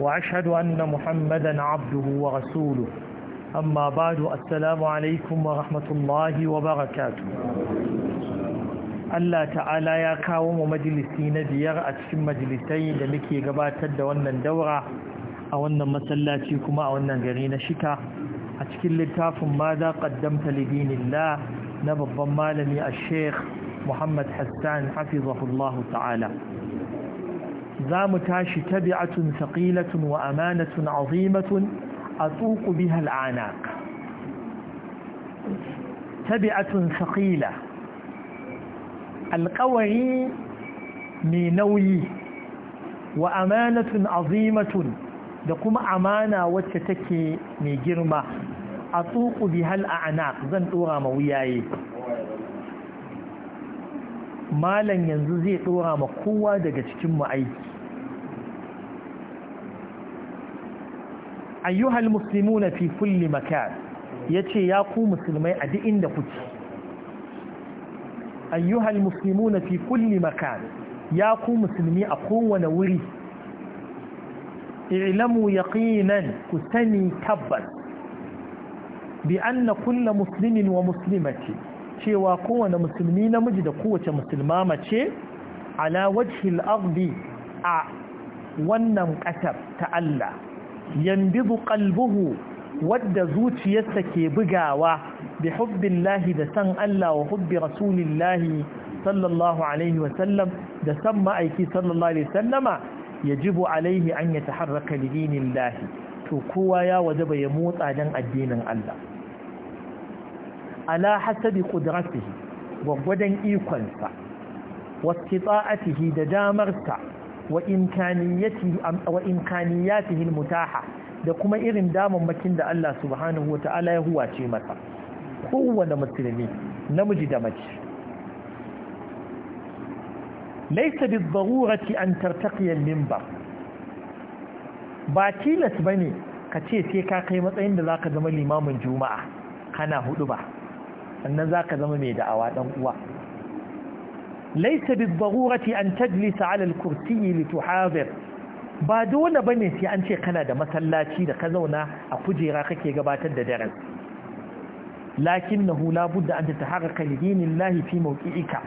وأشهد أن محمدا عبده ورسوله أما بعد السلام عليكم ورحمة الله وبركاته Allah ta'ala ya kawo mu majalisi na biyar a cikin majalisai da muke gabatar da wannan daura a wannan masallaci kuma a wannan gari na shika a cikin littafin ma za qaddamta na babban malami a sheikh Muhammad Hassan hafizahullahu ta'ala za mu tashi tabi'atun saqilatun wa amanatun azimatun atuqu biha al'anaq tabi'atun saqila Alƙawari mai nauyi wa amanatun azimatun da kuma amana wacce take mai girma atuqu biha al'anaq zan ɗora ma wuyaye malan yanzu zai ɗora ma kowa daga cikin aiki ayyuhal muslimuna fi kulli makan yace ya ku musulmai a duk inda kuke ayyuhal muslimuna fi kulli makan ya ku musulmi a kowane wuri i'lamu yaqinan ku sani tabbas bi anna kullu muslimin wa muslimati cewa kowane musulmi namiji da kowace musulma mace ala wajhil ardi a wannan ƙasar ta Allah yanbidu kalbuhu wadda zuciyarsa ke bugawa bi hubbillahi da san Allah wa hubbi rasulillahi sallallahu alaihi wa sallam da san ma'aiki sallallahu alaihi sallama yajibu alaihi an ya li dinillahi to kowa ya wajaba ya motsa dan addinin Allah ala hasabi qudratihi gwagwadan ikonsa wa istita'atihi da damarsa wa imkaniyatihi mutaha da kuma irin damammakin da Allah subhanahu wa ta'ala ya huwace masa kowane musulmi namiji da mace laisa bi zarurati an tartaqiya minbar ba tilas bane ka ce sai ka kai matsayin da zaka zama limamin juma'a kana hudu ba sannan zaka zama mai da'awa dan uwa laisa bizbarurati an tajlisa ala al-kursiyi lituhadir ba dole bane sai an ce kana da masallaci da ka zauna a kujera kake gabatar da daras. Lakin lakinnahu la budda an tataharraka li dinillahi fi mawqi'ika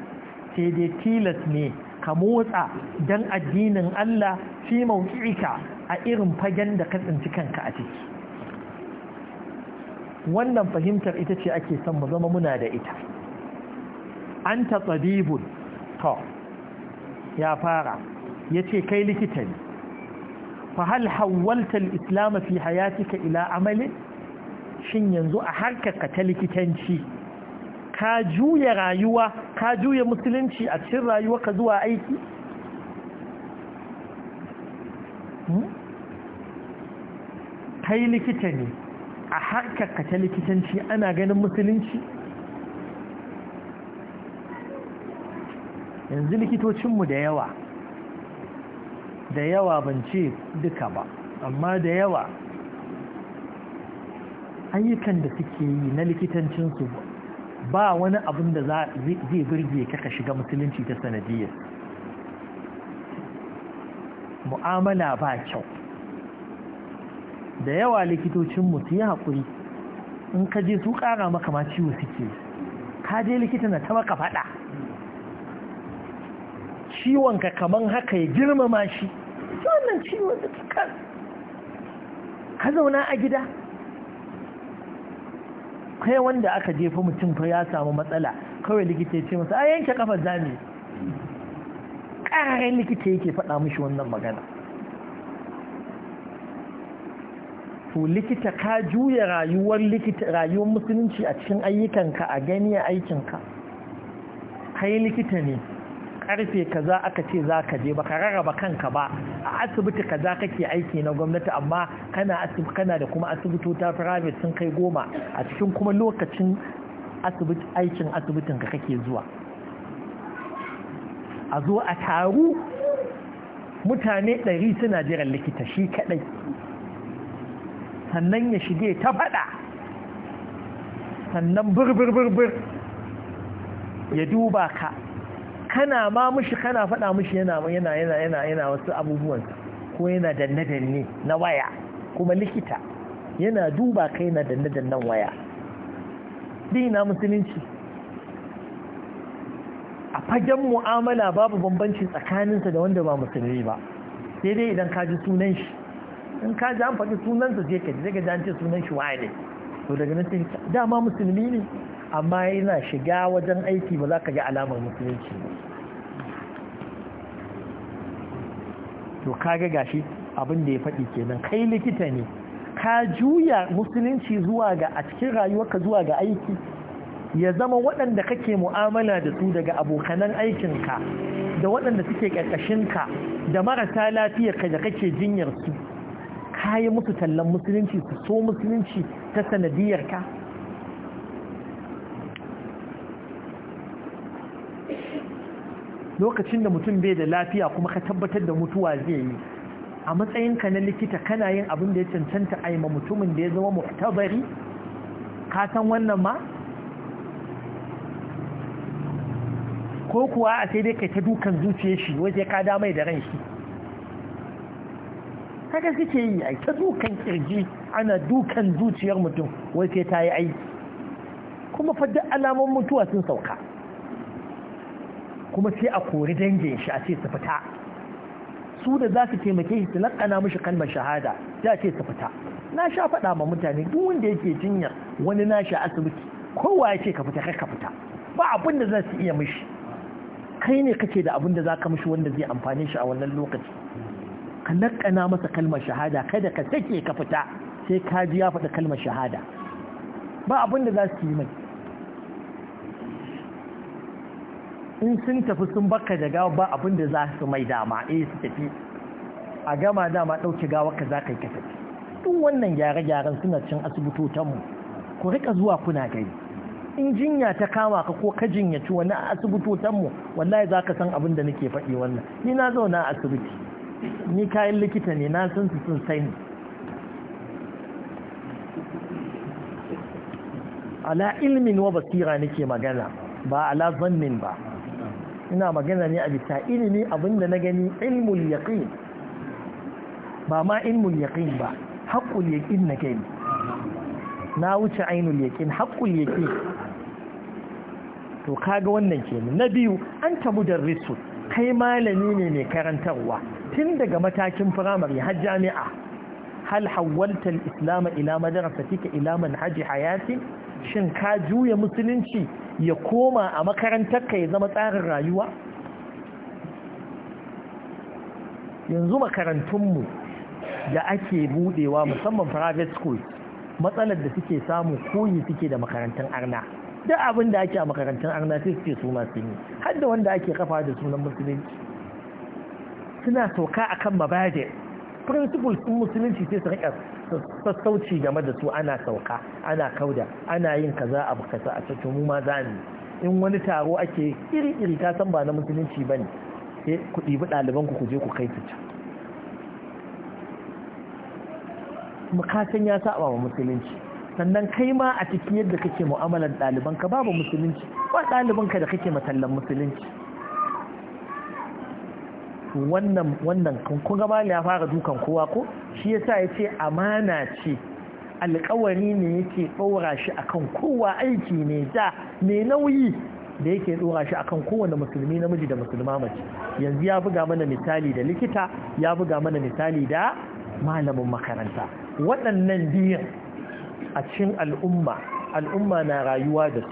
sai dai tilas ne ka motsa dan addinin Allah fi mawqi'ika a irin fagen da ka tsinci kanka a ciki wannan fahimtar ita ce ake son mu zama muna da ita anta tabibun doktor ya fara ya ce kai likita ne fahal hawaltar islam fi hayatika ila amalin shin yanzu a harkarka ta likitanci ka juya rayuwa ka juya musulunci a cikin rayuwa ka zuwa aiki hmm? kai likita ne a harkarka ta likitanci ana ganin musulunci yanzu likitocinmu da yawa da yawa ban ce duka ba amma da yawa ayyukan da suke yi na likitancinsu ba wani abin da zai birge kaka shiga musulunci ta sanadiyar mu'amala ba kyau da yawa likitocinmu su yi haƙuri in ka je su ƙara maka ma ciwo suke ka je likita na ta maka faɗa ciwonka kaman haka ya girmama shi wannan ciwon da tukar ka zauna a gida kai wanda aka jefa mutum fa ya samu matsala kawai likita ya ce masa a yanke kafar zami ƙararren likita yake faɗa mishi wannan magana to likita ka juya rayuwar likita rayuwar musulunci a cikin ayyukanka a gani a aikinka kai likita ne karfe kaza aka ce za ka je ba ka rarraba kanka ba a asibiti kaza kake aiki na gwamnati amma kana asibiti kana da kuma asibitota private sun kai goma a cikin kuma lokacin aikin asibitin ka kake zuwa a zo a taru mutane ɗari suna jiran likita shi kaɗai sannan ya shige ta faɗa sannan birbirbirbir ya duba ka kana ma mushi kana faɗa mushi yana yana yana yana yana wasu abubuwan ko yana danne danne na waya kuma likita yana duba kai na danne dannen waya dina musulunci a fagen mu'amala babu bambanci tsakaninsa da wanda ba musulmi ba sai dai idan ka ji sunan shi in ka ji an faɗi sunansa sai ka ji sai ka ji an ce sunan shi waye ne to daga nan sai dama musulmi ne amma yana shiga wajen aiki ba za ka ga alamar musulunci to ga gashi abin da ya faɗi kenan kai likita ne ka juya musulunci zuwa ga a cikin rayuwarka zuwa ga aiki ya zama waɗanda kake mu'amala da su daga abokanan aikinka da waɗanda suke ƙarƙashinka da marasa lafiyarka da kake jinyarsu ka yi musu tallan musulunci su so musulunci ta sanadiyarka lokacin da mutum bai da lafiya kuma ka tabbatar da mutuwa zai yi a matsayinka na likita kana yin abin da ya cancanta a yi ma mutumin da ya zama muhtabari ka san wannan ma ko kuwa a sai dai kai ta dukan zuciya shi waje ka damai da ran shi haka suke yi a ta dukan kirji ana dukan zuciyar mutum wai ta yi aiki kuma fadda duk mutuwa sun sauka kuma sai a kori dangin shi a ce su fita su da za su taimake shi su lakana mishi kalmar shahada da ce su fita na sha faɗa ma mutane duk wanda yake jinya wani sha asibiti kowa ya ce ka fita kai ka fita ba abin da za su iya mishi kai ne kake da abin da za ka mishi wanda zai amfani shi a wannan lokaci ka lakana masa kalmar shahada kada ka sake ka fita sai ka ji ya faɗa kalmar shahada ba abin da za su yi mai in sun tafi sun baka da gawa ba abin da za su mai dama a eh, su tafi a gama dama ɗauke gawa ka za ka yi ka tafi wannan gyare-gyaren suna cin asibitotanmu ku rika zuwa kuna gari. in jinya ta kama ka ko ka jinyaci wani a asibitotanmu wallahi za ka san abin da nake faɗi wannan ni na zauna a asibiti ni kayan likita ne na san su sun sai ni ala ilmin wa basira nake magana ba ala zannin ba ina magana ne a bisa ilimi abinda na gani ilmul yaqin ba ma ilmul yaqin ba haqqul yaqin na gani na wuce ainul yaqin haqqul yaqin to kaga wannan kenan na biyu anta mudarrisu kai malami ne mai karantarwa tun daga matakin firamare har jami'a hal hawwalta al-islam ila madrasatika ila manhaji hayatin shin ka juya musulunci ya koma a makarantar ka ya zama tsarin rayuwa yanzu makarantunmu da ake budewa musamman private school matsalar da suke samu koyi suke da makarantun arna duk abin da ake a makarantun arna sai suke su masu yi har wanda ake kafa da sunan musulunci suna sauka akan mabadir principle ɗin musulunci sai su riƙa sassauci game da su ana sauka ana kauda ana yin kaza abu kaza a cikin mu ma za ni in wani taro ake iri iri ta san ba na musulunci bane sai ku ɗibi ɗaliban ku je ku kai su can san ya saba wa musulunci sannan kai ma a cikin yadda kake mu'amalar ɗalibanka babu musulunci ba ɗalibanka da kake matallan musulunci wannan wannan kun ga mali ya fara dukan kowa ko shi yasa ce amana ce alƙawari ne yake ɗora shi akan kowa aiki ne da mai nauyi da yake ɗora shi akan kowane musulmi namiji da musulma mace yanzu ya buga mana misali da likita ya buga mana misali da malamin makaranta waɗannan biyan a cikin al'umma al'umma na rayuwa da su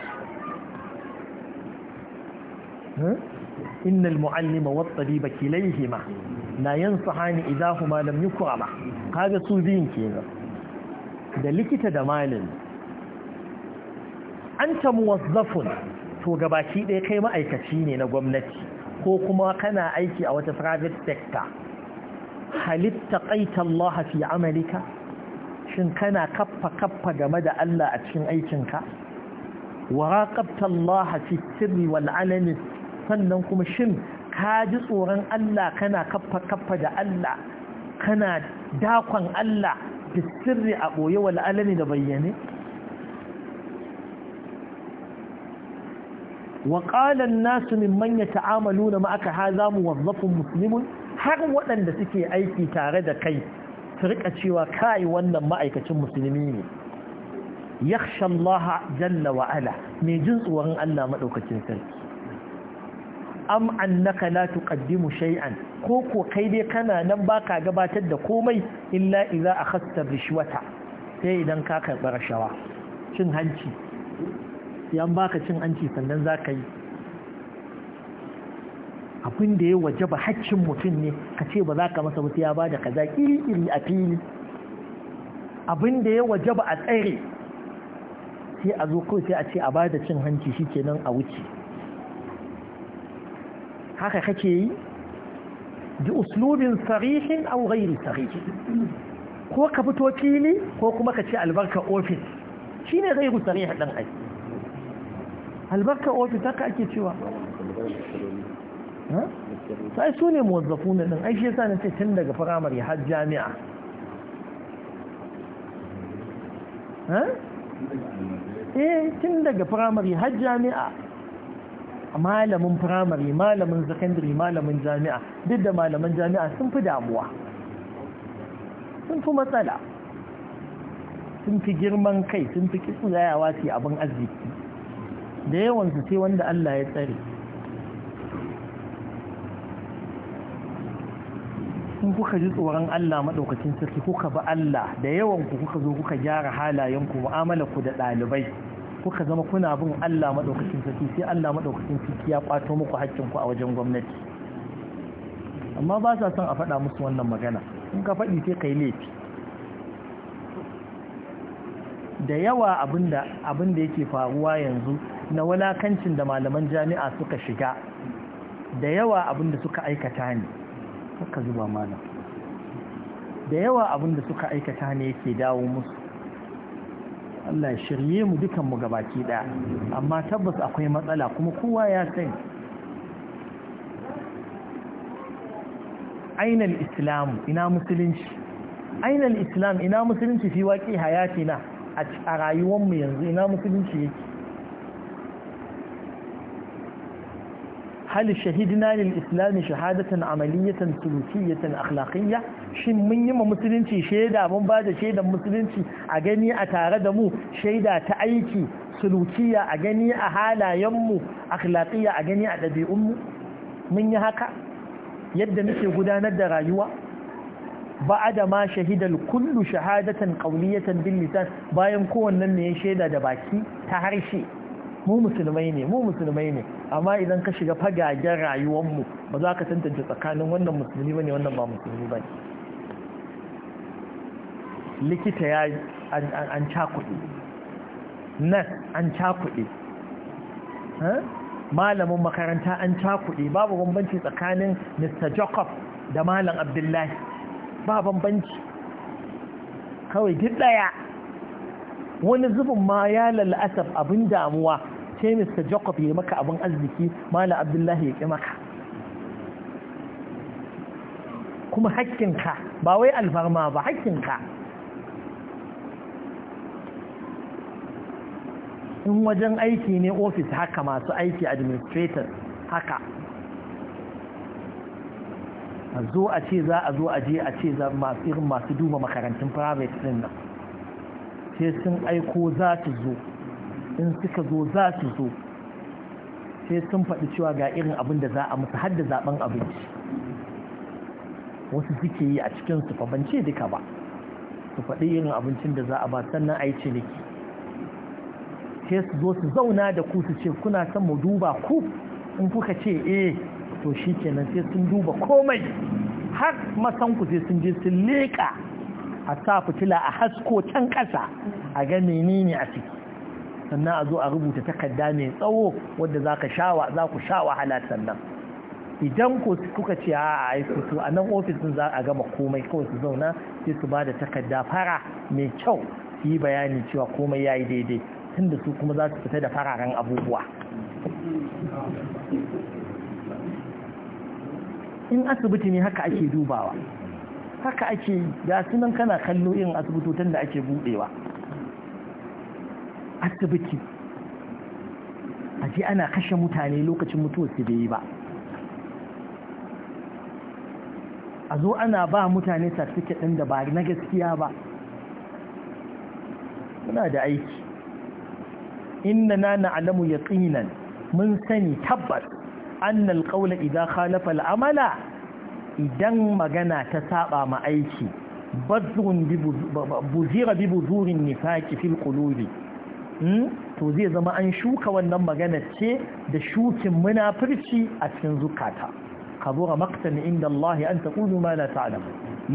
إن المعلم والطبيب كليهما لا ينصحان إذا هما لم يكرما هذا سوزين كذا da likita da malin an ta muwazzafun to gabaki ɗaya kai ma'aikaci ne na gwamnati ko kuma kana aiki a wata private sector halitta ƙaita Allah fi amalika shin kana kaffa kaffa game da Allah a cikin aikinka wa raqabta Allah fi sirri wal sannan kuma shin ka ji tsoron Allah kana kaffa kaffa da Allah kana dakon Allah da sirri a ɓoye wa alani da bayyane wa qala an-nasu mimman yata'amaluna ma'aka hadha wazzafin muslimun har waɗanda suke aiki tare da kai su riƙa cewa kai wannan ma'aikacin musulmi ne yakhsha Allah jalla wa ala mai jin tsoron Allah madaukakin sarki am annaka la tuqaddimu shay'an ko ko kai dai kana nan baka gabatar da komai illa idza akhadta rishwata sai idan ka karɓi rashawa cin hanci yan baka cin hanci sannan zaka yi abin da ya wajaba haccin mutum ne ka ce ba za ka masa wasu ya bada kaza iri iri a fili abin da ya wajaba a tsare sai a zo kawai sai a ce a bada cin hanci shikenan a wuce haka kake yi bi uslubin sarihin au ghairi sarihin ko ka fito fili ko kuma ka ce albarka ofis shine gairu sarihin ɗan ai albarka ofis haka ake cewa sai su ne muwazzafu ne ɗin aiki yasa na ce tun daga firamare har jami'a eh tun daga firamare har jami'a malamin firamare malamin sakandare malamin jami'a duk da malaman jami'a sun fi damuwa sun fi matsala sun fi girman kai sun fi kisu zayawa ce abin arziki da yawansu sai wanda Allah ya tsare Sun kuka ji tsoron Allah maɗaukacin sarki kuka ba Allah da yawanku kuka zo kuka gyara halayenku mu'amalarku da ɗalibai kuka zama kuna bin Allah maɗaukacin sarki sai Allah maɗaukacin sarki ya ƙwato muku hakkinku a wajen gwamnati amma ba sa son a faɗa musu wannan magana in ka faɗi sai kai laifi da yawa abinda abinda yake faruwa yanzu na walakancin da malaman jami'a suka shiga da yawa abinda suka aikata ne suka zuba malam da yawa abinda suka aikata ne yake dawo musu Allah ya shirye mu dukan mu gabaki ɗaya, amma tabbas akwai matsala kuma kowa ya sani aina islam ina musulunci aina al-islam ina musulunci fi hayatina a rayuwar mu yanzu ina musulunci yake Hali shahidna lil islam shahadatan amaliyatan sulukiyatan akhlaqiyya shin mun yi ma musulunci shaida mun ba da shaidan musulunci a gani a tare da mu shaida ta aiki sulukiya a gani a halayenmu akhlaqiyya a gani a ɗabi'unmu mun yi haka yadda muke gudanar da rayuwa da ma shahidal kullu shahadatan qawliyatan bil lisan bayan kowannen ne ya shaida da baki ta harshe mu musulmai ne mu musulmai ne amma idan ka shiga fagagen mu ba za ka tantance tsakanin wannan musulmi ba ne, wannan ba musulmi ba ne. likita ya an cakuɗe nas an cakuɗe malamin makaranta an cakuɗe babu bambanci tsakanin mr jacob da malam abdullahi ba bambanci kawai duk ɗaya wani zubin ma ya lal'asaf abin damuwa sai Mr. Jacob ya maka abin arziki Mala Abdullahi ya ƙi maka kuma hakkinka ba wai alfarma ba hakkinka in wajen aiki ne ofis haka masu aiki administrator haka a zo a ce za a zo a je a ce masu duba makarantun private din nan sai sun aiko za su zo in suka zo za su zo sai sun faɗi cewa ga irin abin da za a musu har da zaɓen abinci wasu suke yi a cikin su ban ce duka ba su faɗi irin abincin da za a ba sannan ai yi ciniki sai su zo su zauna da ku su ce kuna son mu duba ku in kuka ce e to shi kenan sai sun duba komai har masanku sai sun je sun leƙa a sa fitila a hasko can ƙasa a ga menene a ciki sannan a zo a rubuta takarda mai tsawo wadda za ku sha wahala sannan idan ku kuka ce a a su a nan ofis za a gama komai kawai su zauna sai su ba da takarda fara mai kyau su yi bayani cewa komai ya yi daidai tunda su kuma za su fita da fararen abubuwa in asibiti ne haka ake dubawa haka ake ga sunan kana kallo irin asibitocin da ake budewa asibiti a ce ana kashe mutane lokacin mutuwar su bai yi ba a zo ana ba mutane certificate ɗin da ba na gaskiya ba muna da aiki inna na ya tsinan mun sani tabbas anna alƙaula idan khalafa al'amala idan magana ta saba ma aiki bi buzira bi buzurin fil Hmm? to zai zama an shuka wannan magana ce da shukin munafirci a cikin zukata kabura maqtan inda Allah an kudu ma na ta'adam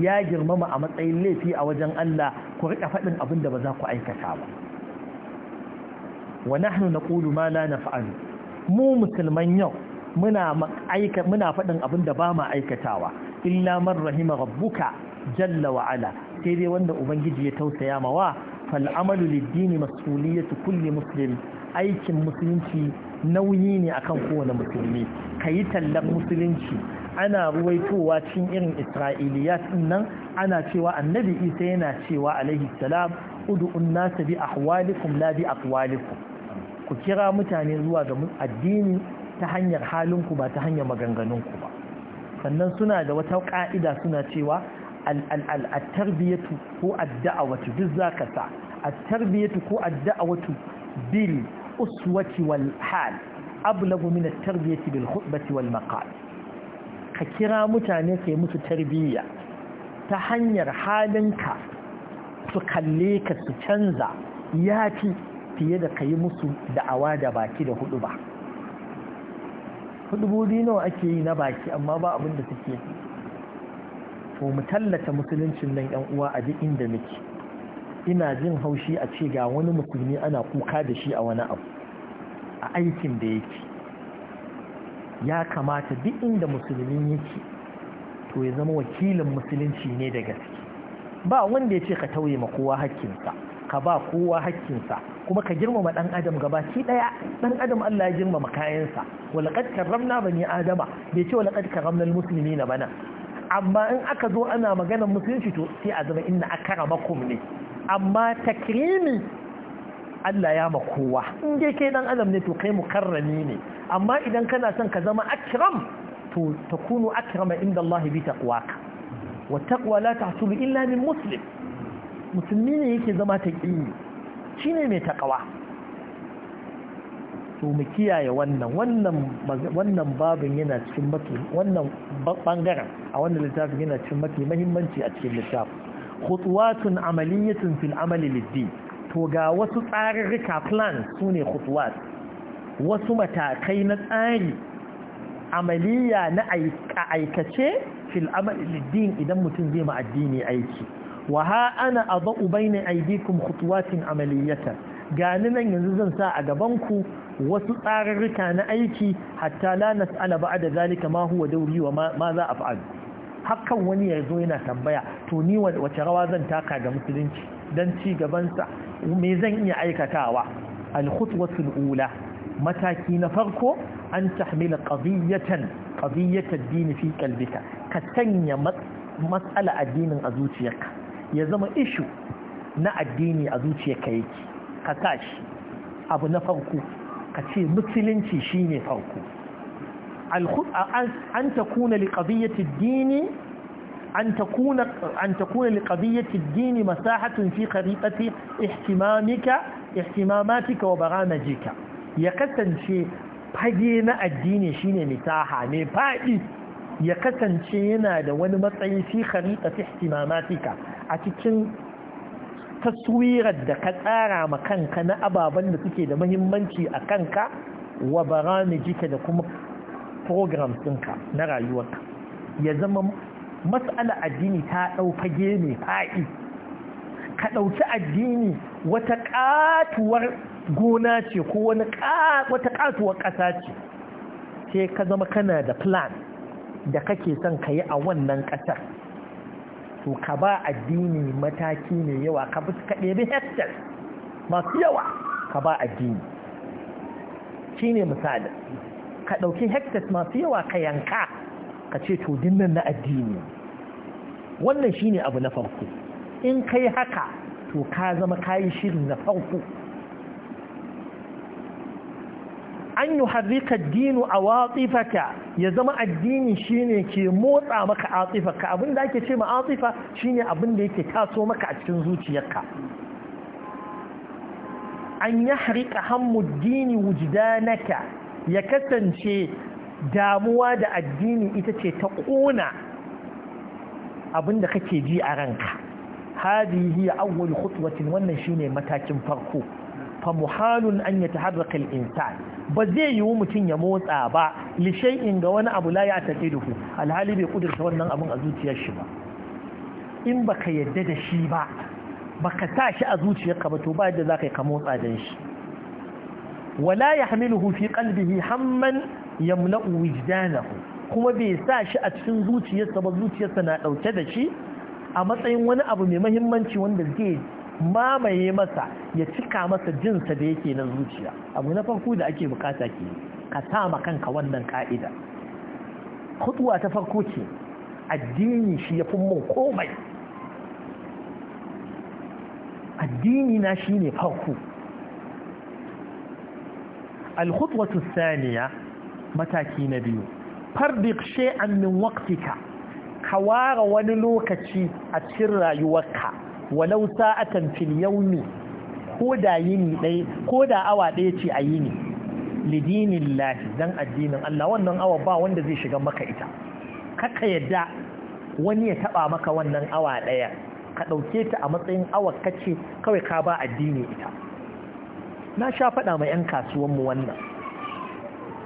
ya girmama a matsayin laifi a wajen Allah ku rika faɗin abin da ba za ku aikata ba wa nahnu kudu ma la fa'an mu musulman yau muna faɗin abin da ba ma aikatawa illa man rahima rabbuka jalla wa sai dai wanda ubangiji ya tausaya mawa fal'amalu liddini mas'uliyatu kulli muslim aikin musulunci nauyi ne akan kowane musulmi ka yi tallan musulunci ana ruwaitowa cikin irin isra'iliyat nan ana cewa annabi isa yana cewa alaihi salam ud'un nasa bi ahwalikum la bi aqwalikum ku kira mutane zuwa ga addini ta hanyar halinku ba ta hanyar maganganun ku ba sannan suna da wata ka'ida suna cewa al-tarbiyatu ko ad-da'awatu duk zaka sa atarbiyatu tarbiyatu ko ad-da'awatu bil uswati wal hal ablagu min at bil khutbati wal maqal ka kira mutane kai musu tarbiyya ta hanyar halinka su kalle ka su canza yafi fiye da yi musu da'awa da baki da hudu ba hudu nawa ake yi na baki amma ba abin da suke yi to mu tallata musuluncin nan yan uwa a duk inda muke ina jin haushi a ce ga wani musulmi ana kuka da shi a wani abu a aikin da yake ya kamata duk inda musulmi yake to ya zama wakilin musulunci ne da gaske ba wanda ya ce ka tauye ma kowa hakkinsa ka ba kowa hakkinsa kuma ka girmama ɗan adam gabaki ɗaya ɗan adam Allah ya girmama kayansa walaqad karramna bani adama bai ce walaqad musulmi na bana amma in aka zo ana maganar musulunci to sai a zama inna akramakum ne amma takrimi Allah ya makowa in dai kai dan adam ne to kai mukarrami ne amma idan kana son ka zama akram to takunu akrama inda Allah bi taqwaka wa taqwa la tahsulu illa min muslim musulmi ne yake zama taqi shine mai taqwa to mu kiyaye wannan wannan babin yana cikin mafi wannan bangaren a wannan littafin yana cikin mafi mahimmanci a cikin littafin khutuwatun amaliyatun fil amali liddi to ga wasu tsarirrika plan sune ne wasu matakai na tsari amaliya na aikace fil amali liddin idan mutum zai ma addini aiki wa ha ana adau bayna aydikum khutuwatin amaliyatan gani nan yanzu zan sa a gaban ku wasu tsararruka na aiki hatta la nas'ala ba'da zalika ma huwa dawri wa ma za af'al hakan wani ya zo yana tambaya to ni wace rawa zan taka ga musulunci dan ci gaban sa me zan iya aikatawa al khutwatul ula mataki na farko an tahmila qadiyatan qadiyatad din fi qalbika ka sanya matsala addinin a zuciyarka ya zama issue na addini a zuciyarka yake ka tashi abu na farko ka ce musulunci shi ne farko an ta an ta kuna likabiyyatin dini masahatun fi karibati ihtimamatika wa baramajika ya kasance fage na addini shi ne mitaha ne fadi ya kasance yana da wani matsayi fi karibati ihtimamatika a cikin taswirar da ka tsara ma kanka na ababen da suke da muhimmanci a kanka wa jike da kuma program ɗinka na rayuwarka ya zama matsala addini ta ɗauka gene fa'i ka ɗauki addini wata ƙatuwar gona ce ko wata ƙatuwar ƙasa ce sai ka zama kana da plan da kake son ka yi a wannan ƙasar to ka ba addini mataki ne yawa ka ɗebi hektar masu yawa ka ba addini shi ne misali ka ɗauki hektar masu yawa ka yanka ka ce to dinnan na addini wannan shi ne abu na farko in kai haka to ka zama kayi shirin na farko an yi harrika dinu a watsifaka ya zama addini shine ke motsa maka atsifaka da ake ce ma atsifa shine abinda yake taso maka a cikin zuciyarka an yi harrika hammuddini wujidanaka ya kasance damuwa da addini ita ce ta abin da kake ji a ranka hadi hiya awwal khutwatin wannan shine matakin farko fa muhalun an ta harrakal insan ba zai yi yiwu mutum ya motsa ba li in ga wani abu la da ku. alhali bai kudurta wannan abin a zuciyar shi ba in ba ka yadda da shi ba baka sa shi a zuciyar ka ba to ba yadda ka yi ka motsa dan shi wala yahmiluhu hufi kalbihi hamman yamla'u wijdanahu kuma bai sa shi a cikin zuciyarsa ba zuciyarsa na ɗauke da shi a matsayin wani abu mai mahimmanci wanda zai mamaye masa ya cika masa jinsa da yake na zuciya abu na farko da ake bukata ke ka sama kanka wannan ka'ida hutuwa ta farko ce addini shi ya fi mun komai addini na shi ne farko alhutuwatu saniya mataki na biyu fardik she'an min waktika ka ware wani lokaci a cikin rayuwarka walau sa'atan fil yawmi ko da yini dai ko da awa daya ce a yini lidinillahi dan addinin Allah wannan awa ba wanda zai shiga maka ita kaka yadda wani ya taba maka wannan awa daya ka dauke ta a matsayin awa kace kawai ka ba addini ita na sha faɗa ma 'yan mu wannan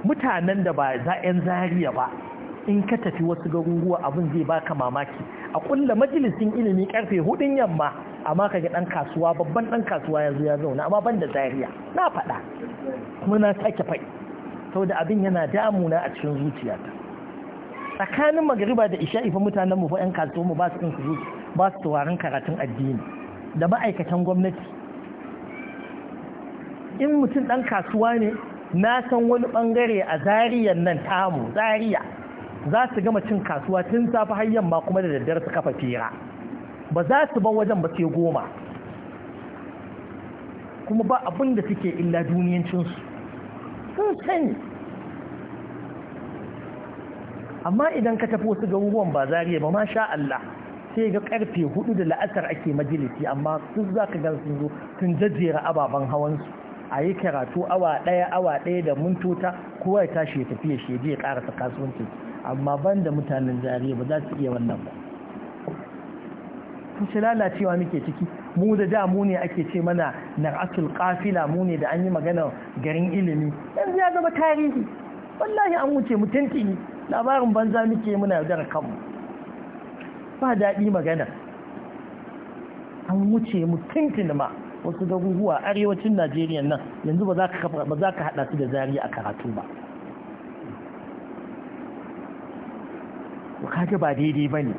mutanen da ba za 'yan zariya ba in ka tafi wasu garuruwa abin zai baka mamaki a kulla majalisin ilimi karfe hudun yamma amma ka ga dan kasuwa babban dan kasuwa ya zo ya zauna amma ban da zariya na faɗa kuma na sake sau saboda abin yana damuna a cikin zuciyata tsakanin magariba da isha'i fa mutanen mu fa yan kasuwa mu ba su in su ba su tawarin karatun addini da ma'aikatan gwamnati in mutum dan kasuwa ne na san wani bangare a zariyan nan tamu zariya za su gama cin kasuwa tun safi har yamma kuma da daddare su kafa fira ba za su bar wajen ba sai goma kuma ba abin da suke illa duniyancinsu sun sani amma idan ka tafi wasu garuruwan ba zariya ba ma sha Allah sai ga karfe hudu da la'asar ake majalisi amma sun za ka gan sun zo sun jajjera ababen hawansu a yi karatu awa daya awa daya da mintota kowa ya tashi ya tafiya shi ya je ya karasa kasuwancinsu amma ban da mutanen jariya ba za su iya wannan ba kusa lalacewa muke ciki mu da da mu ne ake ce mana na asul kafila mu ne da an yi magana garin ilimi yanzu ya zama tarihi wallahi an wuce mutunci labarin banza muke muna yaudar kanmu ba daɗi magana an wuce mutunci ma wasu garuruwa arewacin najeriya nan yanzu ba za ka haɗa su da zariya a karatu ba kaga ba daidai bane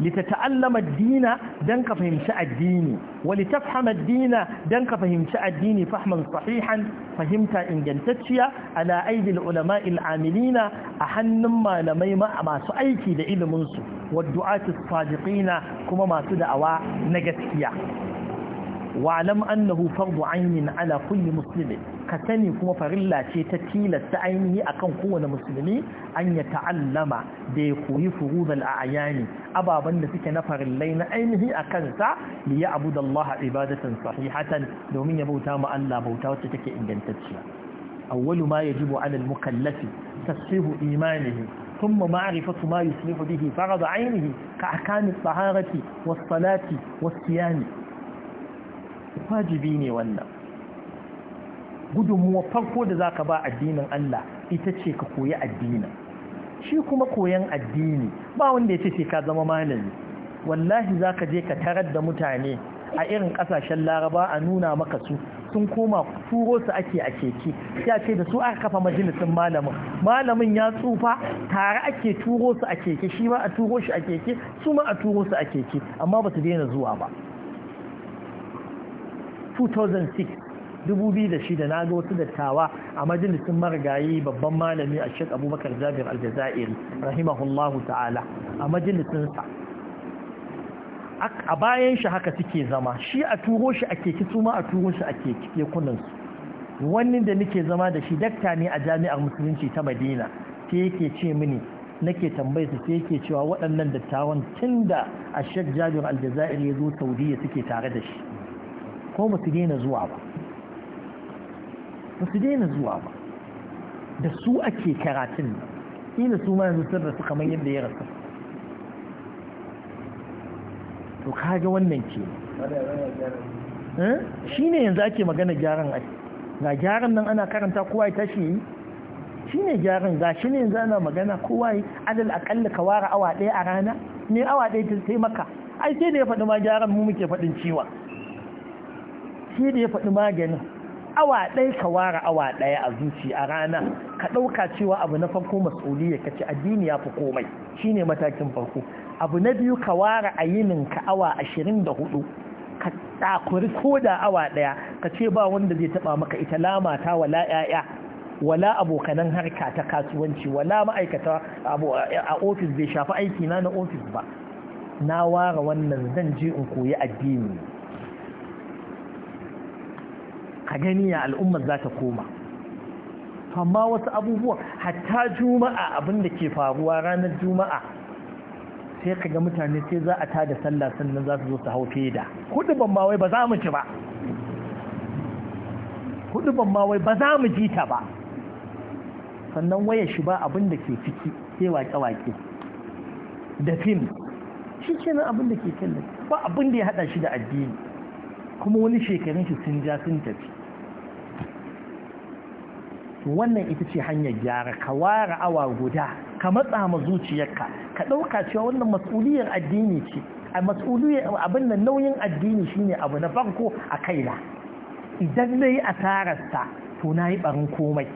litata'allama ad-dina dan ka fahimci addini wa litafhama ad-dina dan ka fahimci addini fahman sahihan fahimta ingantacciya ala aidil ulama'il amilina a hannun malamai masu aiki da ilimin su wa du'atis sadiqina kuma masu da'awa na gaskiya wa'alam annahu fardu ainihin ala kulli musulmi ka sani kuma farilla ce ta tilasta ainihi akan kowane musulmi an ya ta'allama da ya koyi furudal a'yani ababen da suke na farillai na ainihi a kansa li ya abu Allah ibadatan sahihatan domin ya bauta ma Allah bauta wacce take ingantacciya awwalu ma yajibu ala al-mukallafi tasfihu imanihi ثم معرفة ما يصلح به فرض عينه كأحكام الطهارة والصلاة والصيام wajibi ne wannan gudunmuwa farko da za ka ba addinin Allah ita ce ka koyi addinin shi kuma koyan addini ba wanda ya ce ka zama malami wallahi za ka je ka tarar da mutane a irin kasashen laraba a nuna maka su sun koma turo su ake a keke ya ce da su aka kafa majalisun malamin malamin ya tsufa tare ake turo su a keke shi ma a turo shi a keke su ma a turo su a keke amma ba su daina zuwa ba 2006 na ga wasu dattawa a majalisun marigayi babban malami a shek abubakar jabir aljazairi rahimahullahu ta'ala a majalisunsa a bayan shi haka suke zama shi a turo shi a keke su ma a turo shi a keke kunansu wani da nake zama da shi dakta ne a jami'ar musulunci ta madina sai yake ce mini nake tambayi su sai yake cewa waɗannan dattawan tun da a shek jabir Aljaza'ir ya zo saudiya suke tare da shi ko ba su daina zuwa ba ba su daina zuwa ba da su ake karatun ina su ma yanzu sun rasu kamar yadda ya rasu to kaga wannan ke eh? shi ne yanzu ake magana gyaran ake ga gyaran nan ana karanta kowa ya tashi yi shi ne gyaran ga shi ne yanzu ana magana kowa ya adal akalla ka ware awa ɗaya a rana ne awa ɗaya ta sai maka ai sai da ya faɗi ma gyaran mu muke faɗin ciwon shi da ya faɗi maganin awa ɗaya ka ware awa ɗaya a zuci a rana ka ɗauka cewa abu na farko mas'uliyar ka ce addini ya fi komai shine matakin farko abu na biyu ka ware a yinin ka awa ashirin da hudu ka takuri ko da awa ɗaya ka ce ba wanda zai taɓa maka ita lamata wala 'ya'ya wala abokanan harka ta kasuwanci wala ma'aikata a ofis bai shafi aiki na na ofis ba na ware wannan zan je in koyi addini ka gani ya al'ummar za ta koma amma wasu abubuwa hatta juma'a abinda ke faruwa ranar juma'a sai ka ga mutane sai za a tada sallah sannan za su zo su hau feda hudu ban ma wai ba za mu ci ba hudu ban ma wai ba za mu ji ta ba sannan waya shi ba abin da ke ciki sai waƙe-waƙe, da fim shi ce nan abin da ke kallon ba abin da ya hada shi da addini kuma wani shekarun shi sun ja sun tafi wannan ita ce hanyar gyara ka ware awa guda ka matsa ma zuciyarka ka ɗauka cewa wannan mas'uliyar addini ce a mas'uliyar abin da nauyin addini shine abu na farko a kaina idan na yi asararsa to na yi ɓarin komai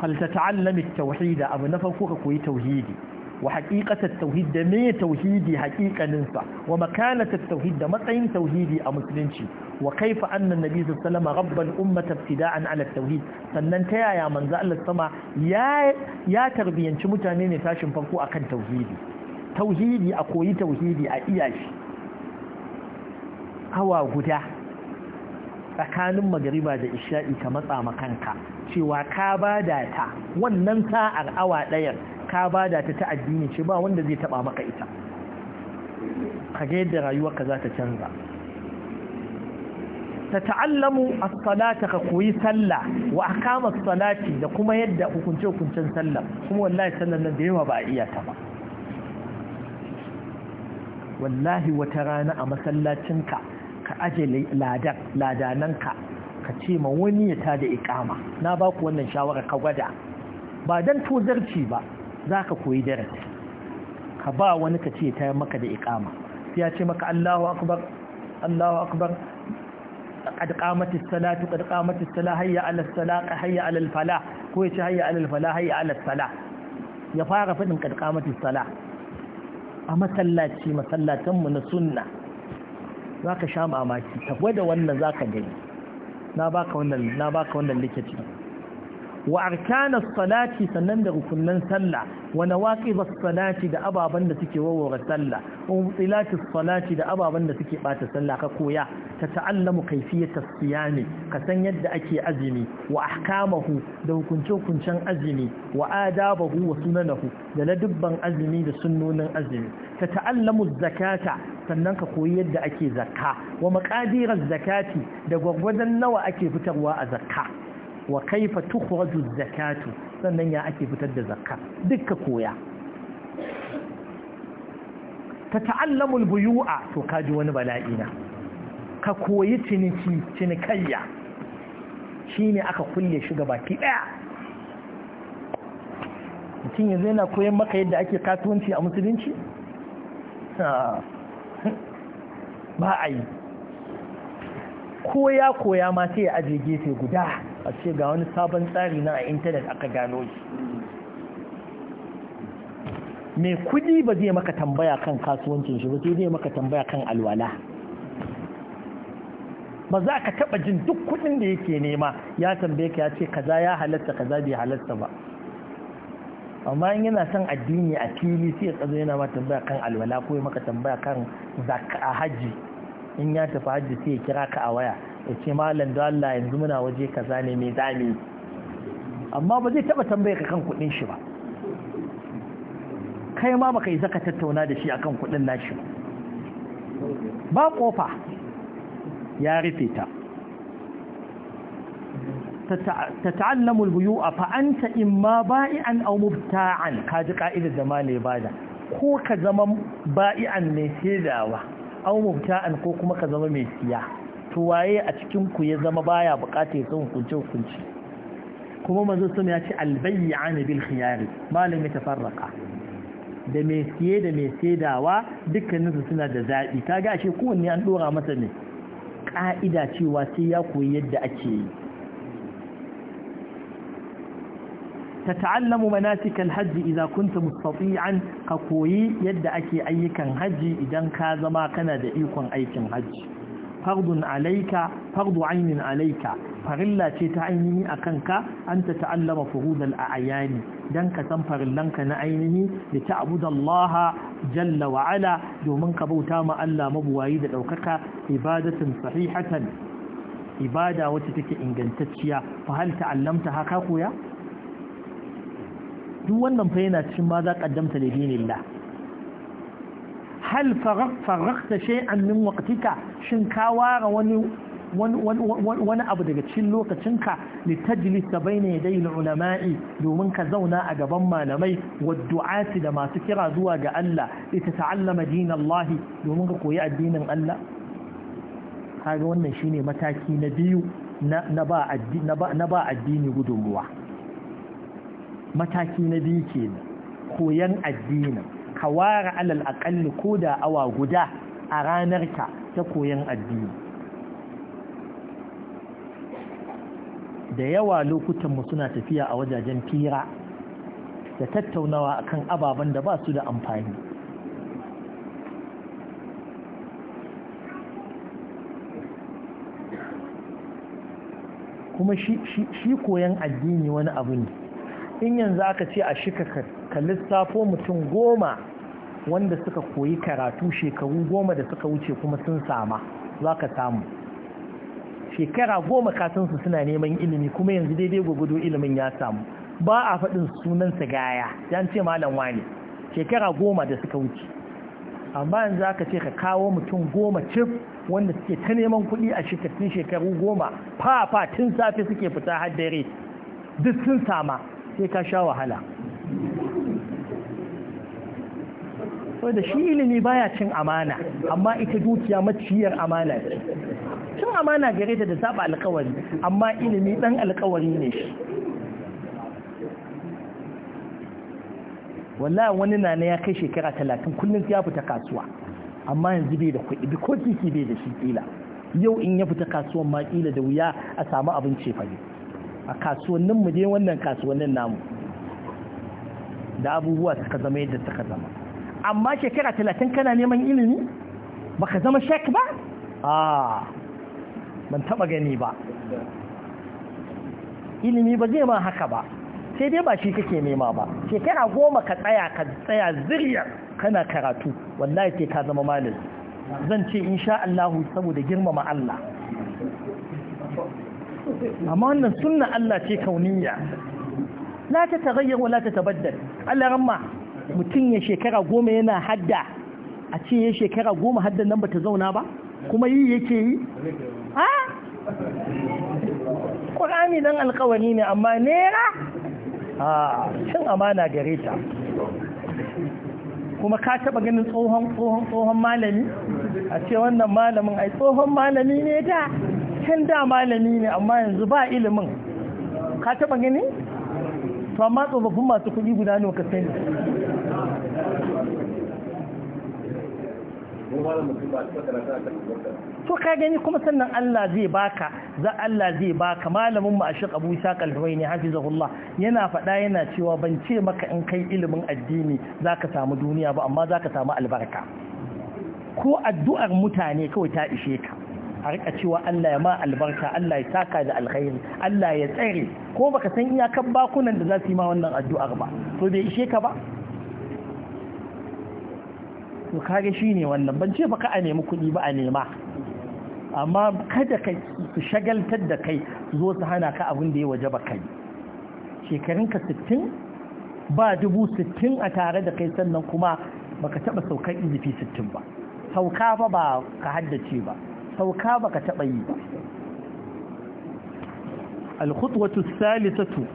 falta ta'allami tauhida abu na farko ka koyi tauhidi wa haƙiƙatar tauhid da me tauhidi haƙiƙaninsa wa makanatar tauhid da matsayin tauhidi a musulunci wa kaifa annan nabi sallama rabban ummata ibtida'an ala tauhid sannan ta yaya manzo Allah sama ya ya tarbiyanci mutane ne tashin farko akan tauhidi tauhidi a koyi tauhidi a iya shi awa guda tsakanin magariba da isha'i ka matsa makanka cewa ka bada ta wannan sa'ar awa ɗayar ka bada ta ta addini ce ba wanda zai taba maka ita kaga yadda ka za ta canza Ta ta'allamu as-salata ka koyi sallah wa as salati da kuma yadda hukunce hukuncen sallah kuma wallahi sallar nan da yawa ba a iya ta ba wallahi wata rana a masallacinka ka aje ladan ladananka ka ce ma wani ya tada iqama na ba ku wannan shawara ka gwada ba dan tozarci ba za ka koyi darasi ka ba wani ka ce ta maka da ikama sai ya ce maka Allahu akbar Allahu akbar qad qamatis salatu qad qamatis salah hayya ala salah hayya ala falah ko ya ce hayya ala falah hayya ala salah ya fara fadin qad qamatis salah a masallaci masallatanmu mu na sunna ka sha mamaki ta gwada wannan za ka gani na baka wannan na baka wannan likitin wa Arkana salati sannan da rukunnan sallah wa nawaqidas salati da ababan da suke warware sallah wa mutilatis salati da ababan da suke bata sallah ka koya ta ta'allamu kayfiyatas siyami ka san yadda ake azumi wa ahkamahu da hukunce hukuncen azumi wa adabahu wa sunanahu da ladubban azumi da sunnonin azumi ta ta'allamu zakata sannan ka koyi yadda ake zakka wa maqadiraz zakati da gwagwadan nawa ake fitarwa a zakka wa kaifa tukhraju zakatu sannan ya ake fitar da zakka dukka koya ta ta'allamu buyu'a to kaji wani bala'i na ka koyi ciniki cinikayya shine aka kulle shi baki daya mutum yanzu yana koyan maka yadda ake kasuwanci a musulunci ba a yi koya koya ma sai ya aje gefe guda a ce ga wani sabon tsari na a intanet aka gano shi mai kudi ba zai maka tambaya kan kasuwancin shi ba sai zai maka tambaya kan alwala ba za ka taba jin duk kudin da yake nema ya tambaye ka ya ce kaza ya halatta kaza bai halatta ba amma in yana son addini a fili sai ya tsazo yana ma tambaya kan alwala ko ya maka tambaya kan zaka a hajji in ya tafi hajji sai ya kira ka a waya Yace ce malam da Allah yanzu muna waje ka ne mai dami amma ba zai taba tambaye ka kan kudin shi ba kai ma baka yi zaka tattauna da shi akan kudin nashi ba kofa ya rufe ta ta ta'allamu albuyu'a fa anta imma ba'i'an aw mubta'an ka ji qa'idar zamani ibada ko ka zama ba'i ne sai dawa aw mubta'an ko kuma ka zama mai siya to waye a cikin ku ya zama baya bukata ya san hukunci hukunci kuma manzo sun ya ce albay'an bil khiyari malam yatafarraqa da me siye da mai saidawa dukkanin su suna da zabi kaga ashe ne an dora masa ne ka'ida cewa sai ya koyi yadda ake yi Ta ta'allamu idan kunta mustati'an ka koyi yadda ake ayyukan hajji, idan ka zama kana da ikon aikin hajji. fardun alaika fardu ainin alaika farilla ce ta ainihi a kanka an ta ta'allama furudal ayani dan ka san farillanka na ainihi da ta abudallaha jalla wa ala domin ka bauta ma Allah mabuwayi da ɗaukaka ibadatan sahihatan ibada wacce take ingantacciya fa hal ta'allamta haka koya duk wannan fa yana cikin ma za kaddamta lidinillah hal farrakta shay'an min waqtika shin ka ware wani wani abu daga cikin lokacinka litajlisa baina yadayil ulama'i domin ka zauna a gaban malamai du'ati da masu kira zuwa ga Allah ita ta'allama Allah domin ka koyi addinin Allah kaga wannan shine mataki na biyu na ba addini na gudunmuwa mataki na biyu kenan koyan addinin ka ware alal aƙalli ko da awa guda a ranarka ta koyon addini da yawa lokutanmu suna tafiya a wajajen fira da tattaunawa kan ababen da ba su da amfani kuma shi koyon addini wani abu ne in yanzu aka ce a shika ka lissafo mutum goma wanda suka koyi karatu shekaru goma da suka wuce kuma sun sama za ka samu shekara goma kasansu suna neman ilimi kuma yanzu daidai gwagwado ilimin ya samu ba a faɗin sunansa gaya yan ce malam wani shekara goma da suka wuce amma yanzu aka ce ka kawo mutum goma cif wanda suke ta neman kuɗi a shekaru goma fa fa tun safe suke fita har dare duk sun sama sai ka sha wahala da shi ilimi baya cin amana amma ita dukiya maciyar amana ce cin amana gare ta da zaɓa alkawari amma ilimi ɗan alkawari ne shi wallahi wani na ya kai shekara talatin kullum ya fita kasuwa amma yanzu bai da kuɗi ko kiki bai da shi kila yau in ya fita kasuwan ma kila da wuya a samu abin fage a kasuwannin mu je wannan kasuwannin namu da abubuwa suka zama yadda suka zama amma shekara talatin kana neman ilimi baka zama shek ba a ban taba gani ba ilimi ba zai ma haka ba sai dai ba shi kake nema ba shekara goma ka tsaya ka tsaya ziryar kana karatu wallahi ke ka zama malin zan ce insha Allah saboda girmama Allah amma wannan sunna Allah ce kauniyya la ta tagayyaru la ta tabaddal Allah ramma mutum ya shekara goma yana hadda a ce ya shekara goma haddan nan bata zauna ba kuma yi yake yi Ha? Qur'ani dan alƙawari ne amma nera a cin amana gare ta kuma ka taba ganin tsohon tsohon tsohon malami a ce wannan malamin ai tsohon malami ne ta. can da malami ne amma yanzu ba ilimin ka taba gani to amma tsofaffin masu kuɗi guda ne ka sani to ka gani kuma sannan Allah zai baka za Allah zai baka malamin mu Ashiq Abu Ishaq Al-Huwaini hafizahullah yana faɗa yana cewa ban ce maka in kai ilimin addini zaka samu duniya ba amma zaka samu albarka ko addu'ar mutane kawai ta ishe ka a rika cewa Allah ya ma albarka Allah ya taka da alkhairi Allah ya tsare ko baka san iyakan bakunan da za su yi ma wannan addu'a ba to bai ishe ka ba to kage shine wannan ban ce baka a nemi kuɗi ba a nema amma kada ka shagaltar da kai zo su hana ka abin da ya waje ba kai shekarun ka 60 ba dubu 60 a tare da kai sannan kuma baka taba saukar izifi 60 ba sauka ba ba ka haddace ba sauka baka taɓa yi ba alkhutwatu salisatu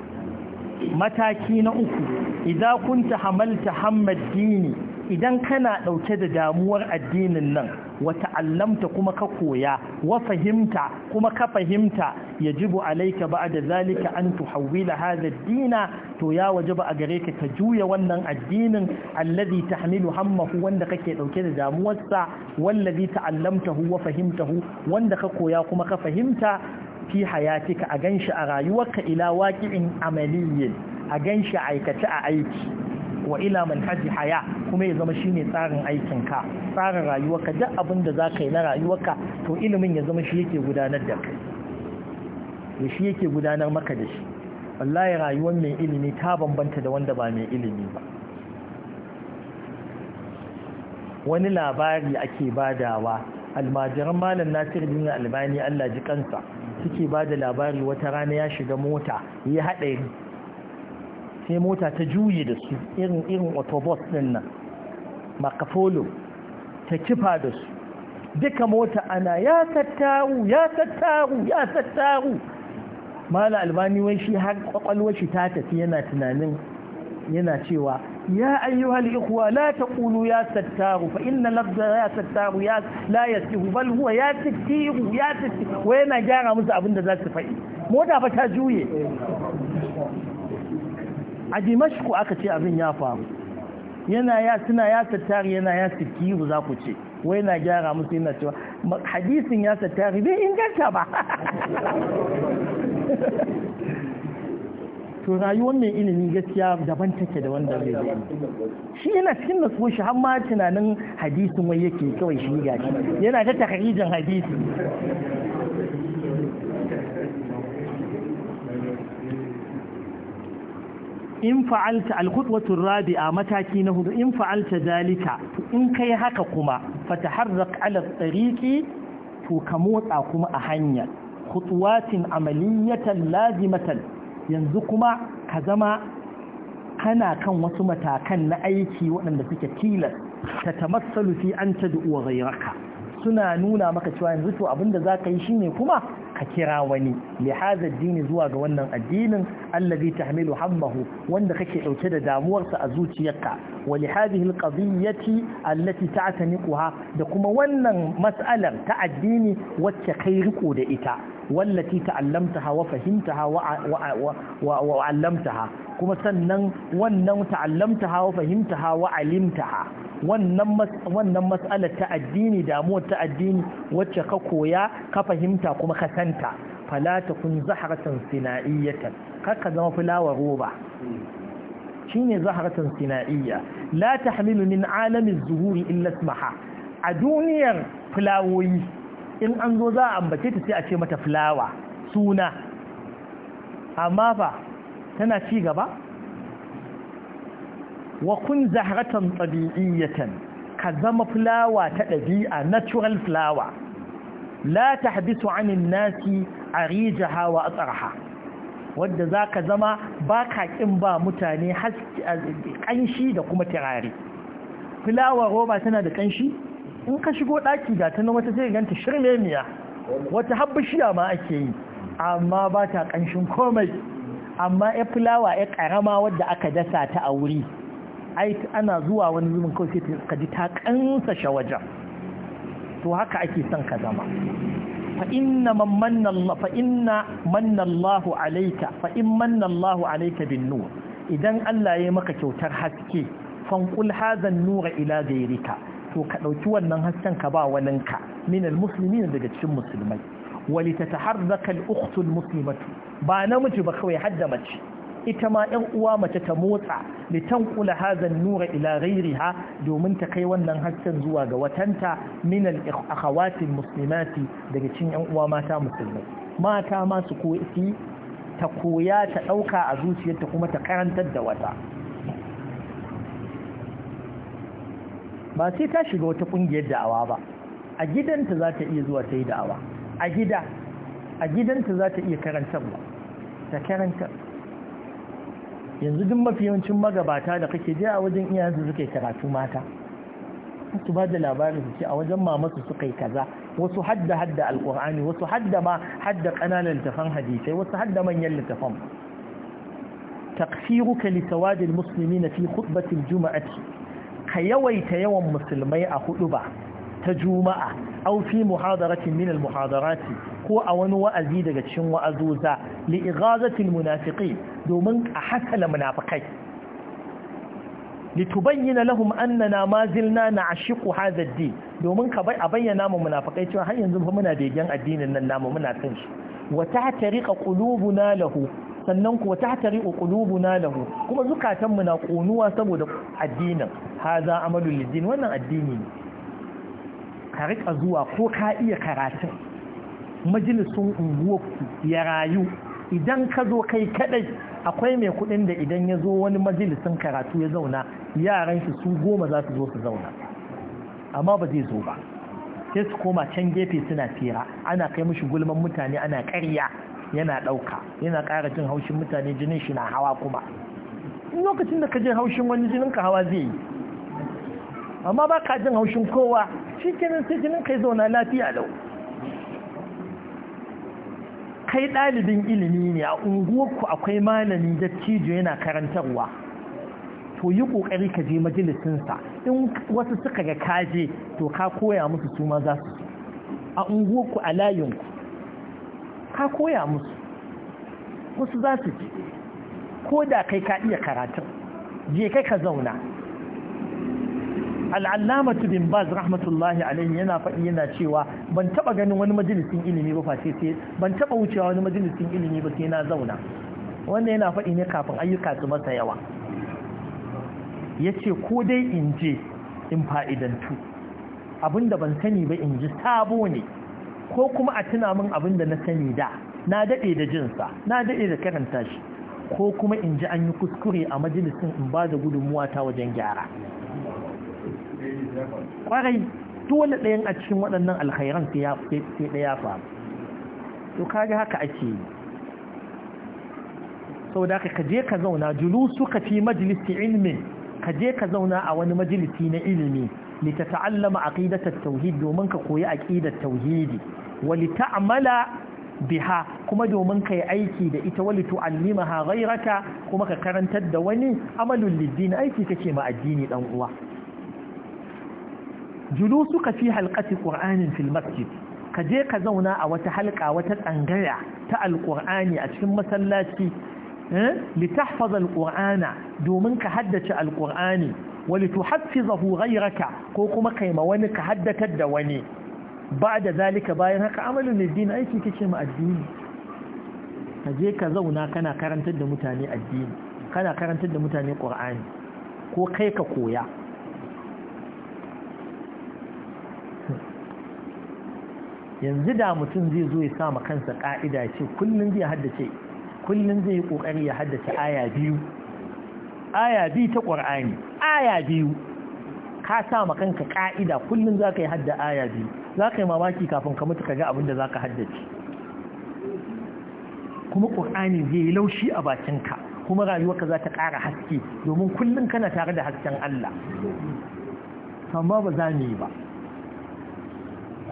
mataki na uku idan kunta hamalta hammad dini idan kana ɗauke da damuwar addinin nan wa ta'allamta kuma ka koya wa fahimta kuma ka fahimta alaika ba da zalika an tuhawwila hadha ad-dina to ya waje ba a gare ka ka juya wannan addinin ta hamilu hammahu wanda kake dauke da damuwarsa wallazi ta'allamtahu wa fahimtahu wanda ka koya kuma ka fahimta fi hayatika a ganshi a rayuwarka ila waqi'in amaliyyin a ganshi aikace a aiki wa ila manhaji haya kuma ya zama shine tsarin aikin ka tsarin rayuwarka duk abin da zaka yi na rayuwarka to ilimin ya zama shi yake gudanar da kai ya shi yake gudanar maka da shi wallahi rayuwar mai ilimi ta bambanta da wanda ba mai ilimi ba wani labari ake badawa almajiran malam nasir din albani Allah ji kansa suke bada labari wata rana ya shiga mota ya haɗari sai mota ta juye da su irin irin autobus din nan makafolo ta kifa da su duka mota ana ya tattaru ya tattaru ya tattaru mala albani wai shi har kwakwalwa shi ta tafi yana tunanin yana cewa ya ayyuhal ikhwa la taqulu ya tattaru fa inna lafza ya tattaru ya la yasihu bal huwa ya tattaru ya tattaru wai yana gyara musu abin da za su faɗi mota fa ta juye a dimashku aka ce abin ya faru yana ya suna ya tattari yana ya sikiru za ku ce wai na gyara musu yana cewa hadisin ya tattari bai inganta ba to rayuwar mai ilimi gaskiya daban take da wanda zai zai shi yana cikin da shi har ma tunanin hadisin wai yake kawai shi gashi yana ta takarijin hadisi in fa'alta alkhutwatu rabi'a mataki na hudu in fa'alta zalika in kai haka kuma fataharrak ala tariqi to ka motsa kuma a hanya khutwatin amaliyatan lazimatan yanzu kuma ka zama kana kan wasu matakan na aiki waɗanda suke tilas ta tamassalu fi an tad'u ghayraka suna nuna maka cewa yanzu to abinda za ka yi shine kuma ka kira wani li hadha zuwa ga wannan addinin allazi tahmilu hammahu wanda kake dauke da damuwarsa a zuciyarka wa li hadhihi alqadiyyati allati ta'taniquha da kuma wannan mas'alar ta addini wacce kai riko da ita wallati ta'allamtaha wa fahimtaha wa wa wa kuma sannan wannan ta'allamta hawa fahimta hawa alimta ha wannan matsalar ta addini damuwar ta addini wacce ka koya ka fahimta kuma ka santa fala ta kun zaharatan sina'iyatan kar ka zama fulawar roba shine zaharatan sina'iyya la tahmilu min alamin zuhuri illa ismaha a duniyar fulawoyi in an zo za a ambace ta sai a ce mata fulawa suna amma fa tana ci gaba wa kun zahratan tabi'iyatan ka zama fulawa ta ɗabi'a natural flower la tahbisu anin nasi arijaha wa atsarha wadda za zama baka kin ƙin ba mutane ƙanshi da kuma turare Fulawa roba tana da kanshi? in ka shigo daki ga ta wata sai ganta shirme miya wata habbishiya ma ake yi amma ba ta ƙanshin komai amma ya fulawa ya karama wadda aka dasa ta a wuri ai ana zuwa wani zumin kawai sai ka ji ta kansa shawaja to haka ake son ka zama fa inna man manna Allah fa inna manna Allahu alayka fa in manna Allahu alayka bin nur idan Allah ya maka kyautar haske qul hadha an-nura ila ghayrika to ka dauki wannan hasken ka ba waninka minal muslimin daga cikin musulmai wali ta taharraka al'uktul muslimatu ba namiji ba kawai hadda mace ita ma ‘yan uwa mace ta motsa da tankula hazan nura ila ghairiha domin ta kai wannan hasken zuwa ga watanta min al-akhawatin muslimati daga cikin ‘yan uwa mata musulmai mata ma su ta koya ta ɗauka a zuciyarta kuma ta karantar da wata ba sai ta shiga wata ƙungiyar da'awa ba a gidanta za ta iya zuwa ta yi da'awa a gida a gidanta za ta iya karantarwa ta karanta yanzu duk mafi yawancin magabata da kake je a wajen iyayensu suka yi karatu mata su ba da labarin su ce a wajen mamasu suka yi kaza wasu hadda hadda alkur'ani wasu hadda ma hadda ƙananan littafan hadisai wasu hadda manyan littafan تقصيرك لسواد المسلمين في خطبة الجمعة كيويت يوم مسلمي ta Juma'a. aw fi muhadaratin min al muhadarati ko a wani wa'azi daga cikin wa'azuza li ighazati al domin a hasala munafikai litubayyana lahum annana ma zilna na'ashiqu hadha din domin ka bai a bayyana mu munafikai cewa har yanzu fa muna begen addinin nan namu muna san shi wa tahtariqa qulubuna lahu sannan kuwa ta kulubu na lahu kuma zukatanmu na ƙonuwa saboda addinin haza amalul din wannan addini ne ka rika zuwa ko ka iya karatun majalisun unguwarku ya rayu idan ka zo kai kadai akwai mai kudin da idan ya zo wani majalisun karatu ya zauna yaran shi su goma za su zo su zauna amma ba zai zo ba sai su koma can gefe suna fira ana kai mushi gulman mutane ana karya yana ɗauka yana ƙara jin haushin mutane jinin shi na hawa kuma lokacin da ka je haushin wani jinin ka hawa zai yi amma ba ka jin haushin kowa shi kenan sai jinin kai zauna lafiya lau kai ɗalibin ilimi ne a unguwarku akwai da dattijo yana karantarwa to yi ƙoƙari ka je majalisinsa in wasu suka ga kaje to ka koya musu su ma za su a unguwarku a layinku ka koya musu wasu za su ji ko da kai ka iya karatun je kai ka zauna tu bin baz rahmatullahi alaihi yana faɗi yana cewa ban taɓa ganin wani majalisin ilimi ba face sai ban taɓa wucewa wani majalisin ilimi ba sai na zauna wannan yana faɗi ne kafin ayyuka su masa yawa ya ce ko dai in je in fa'idantu abinda ban sani ba in ji sabo ne ko kuma a tuna min abinda na sani da na daɗe da jinsa na daɗe da karanta shi ko kuma in ji an yi kuskure a majalisin in ba da gudunmuwa ta wajen gyara kwarai dole ɗayan a cikin waɗannan alkhairan sai ɗaya faru to kaga haka ake yi sau da ka je ka zauna julusu ka fi majalisi ilmin ka je ka zauna a wani majalisi na ilimi litata'allama ƙidatar tauhid domin ka koyi ƙidatar tauhidi wali ta'mala biha kuma domin yi aiki da ita wali ha ghayraka kuma ka karantar da wani liddi na aiki kake ma addini dan uwa julusuka fi halqati qur'anin fil masjid ka je ka zauna a wata halka wata tsangaya ta alqur'ani a cikin masallaci eh, litahfaz alqur'ana domin ka haddace alqur'ani wali tuhaffizahu ghayraka ko kuma kai ma wani ka haddatar da wani ba'da zalika bayan haka amalin lidin aiki kace ma addini ka je ka zauna kana karantar da mutane addini kana karantar da mutane qur'ani ko kai ka koya yanzu da mutum zai zo ya sama kansa ka'ida ce kullum zai haddace kullum zai yi kokari ya haddace aya biyu aya biyu ta ƙwar'ani aya biyu ka sama kanka ka'ida kullum za ka yi hadda aya biyu za ka yi mamaki kafin ka mutu ka abin da za ka haddace kuma ƙwar'ani zai yi laushi a bakinka kuma rayuwarka za ta ƙara haske domin kullum kana tare da hasken Allah amma ba za mu yi ba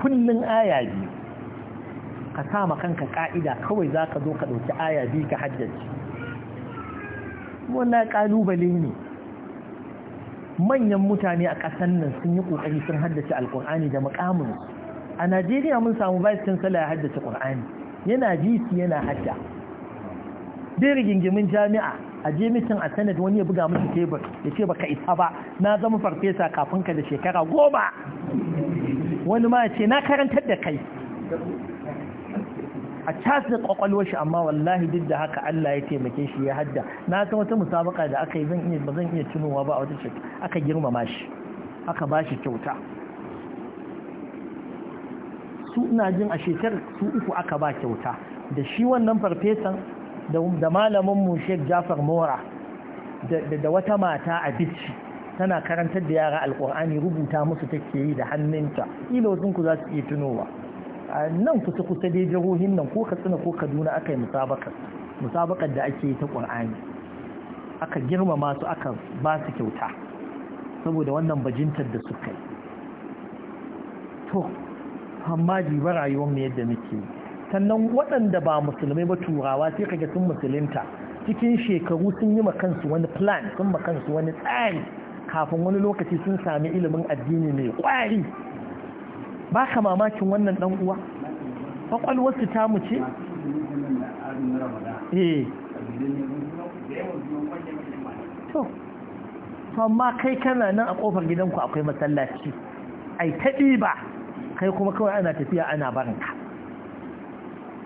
kullun aya biyu ka sama kanka ka'ida kawai za ka zo ka ɗauki aya biyu ka haddace wannan ƙalubale ne manyan mutane a ƙasar nan sun yi ƙoƙari sun haddace alƙur'ani da muƙamin a najeriya mun samu vice sala ya haddace ƙur'ani yana dc yana hadda dai rigingimin jami'a a je a sanad wani ya buga musu tebur ya ce baka isa ba na zama farfesa kafin ka da shekara goma wani ma ce na karantar da kai a casa kwakwalwar shi amma wallahi duk da haka Allah ya taimake shi ya hadda na san wata musabaka da aka yi zan iya bazan iya tunowa ba a wata shekara aka girmama shi aka ba shi kyauta su ina jin a shekar su uku aka ba kyauta da shi wannan farfesan da malamin mu Sheikh Jafar Mora da wata mata a bishi. tana karantar da yara alkur'ani rubuta musu take yi da hannunta ila wasu ku za su iya tunowa a nan kusa kusa dai jihohin nan ko katsina ko kaduna aka yi musabakar musabakar da ake yi ta ƙur'ani aka girmama su aka ba su kyauta saboda wannan bajintar da suka yi to amma jiba rayuwar mu yadda muke yi. sannan waɗanda ba musulmai ba turawa sai ga sun musulunta cikin shekaru sun yi makansu wani plan sun makansu wani tsari kafin wani lokaci sun sami ilimin addini mai kwari ba ka mamakin wannan dan uwa kwakwalwarsu ta mu ce eh. to amma kai kana nan a kofar gidanku akwai masallaci ai taɗi ba. kai kuma kawai ana tafiya ana barinka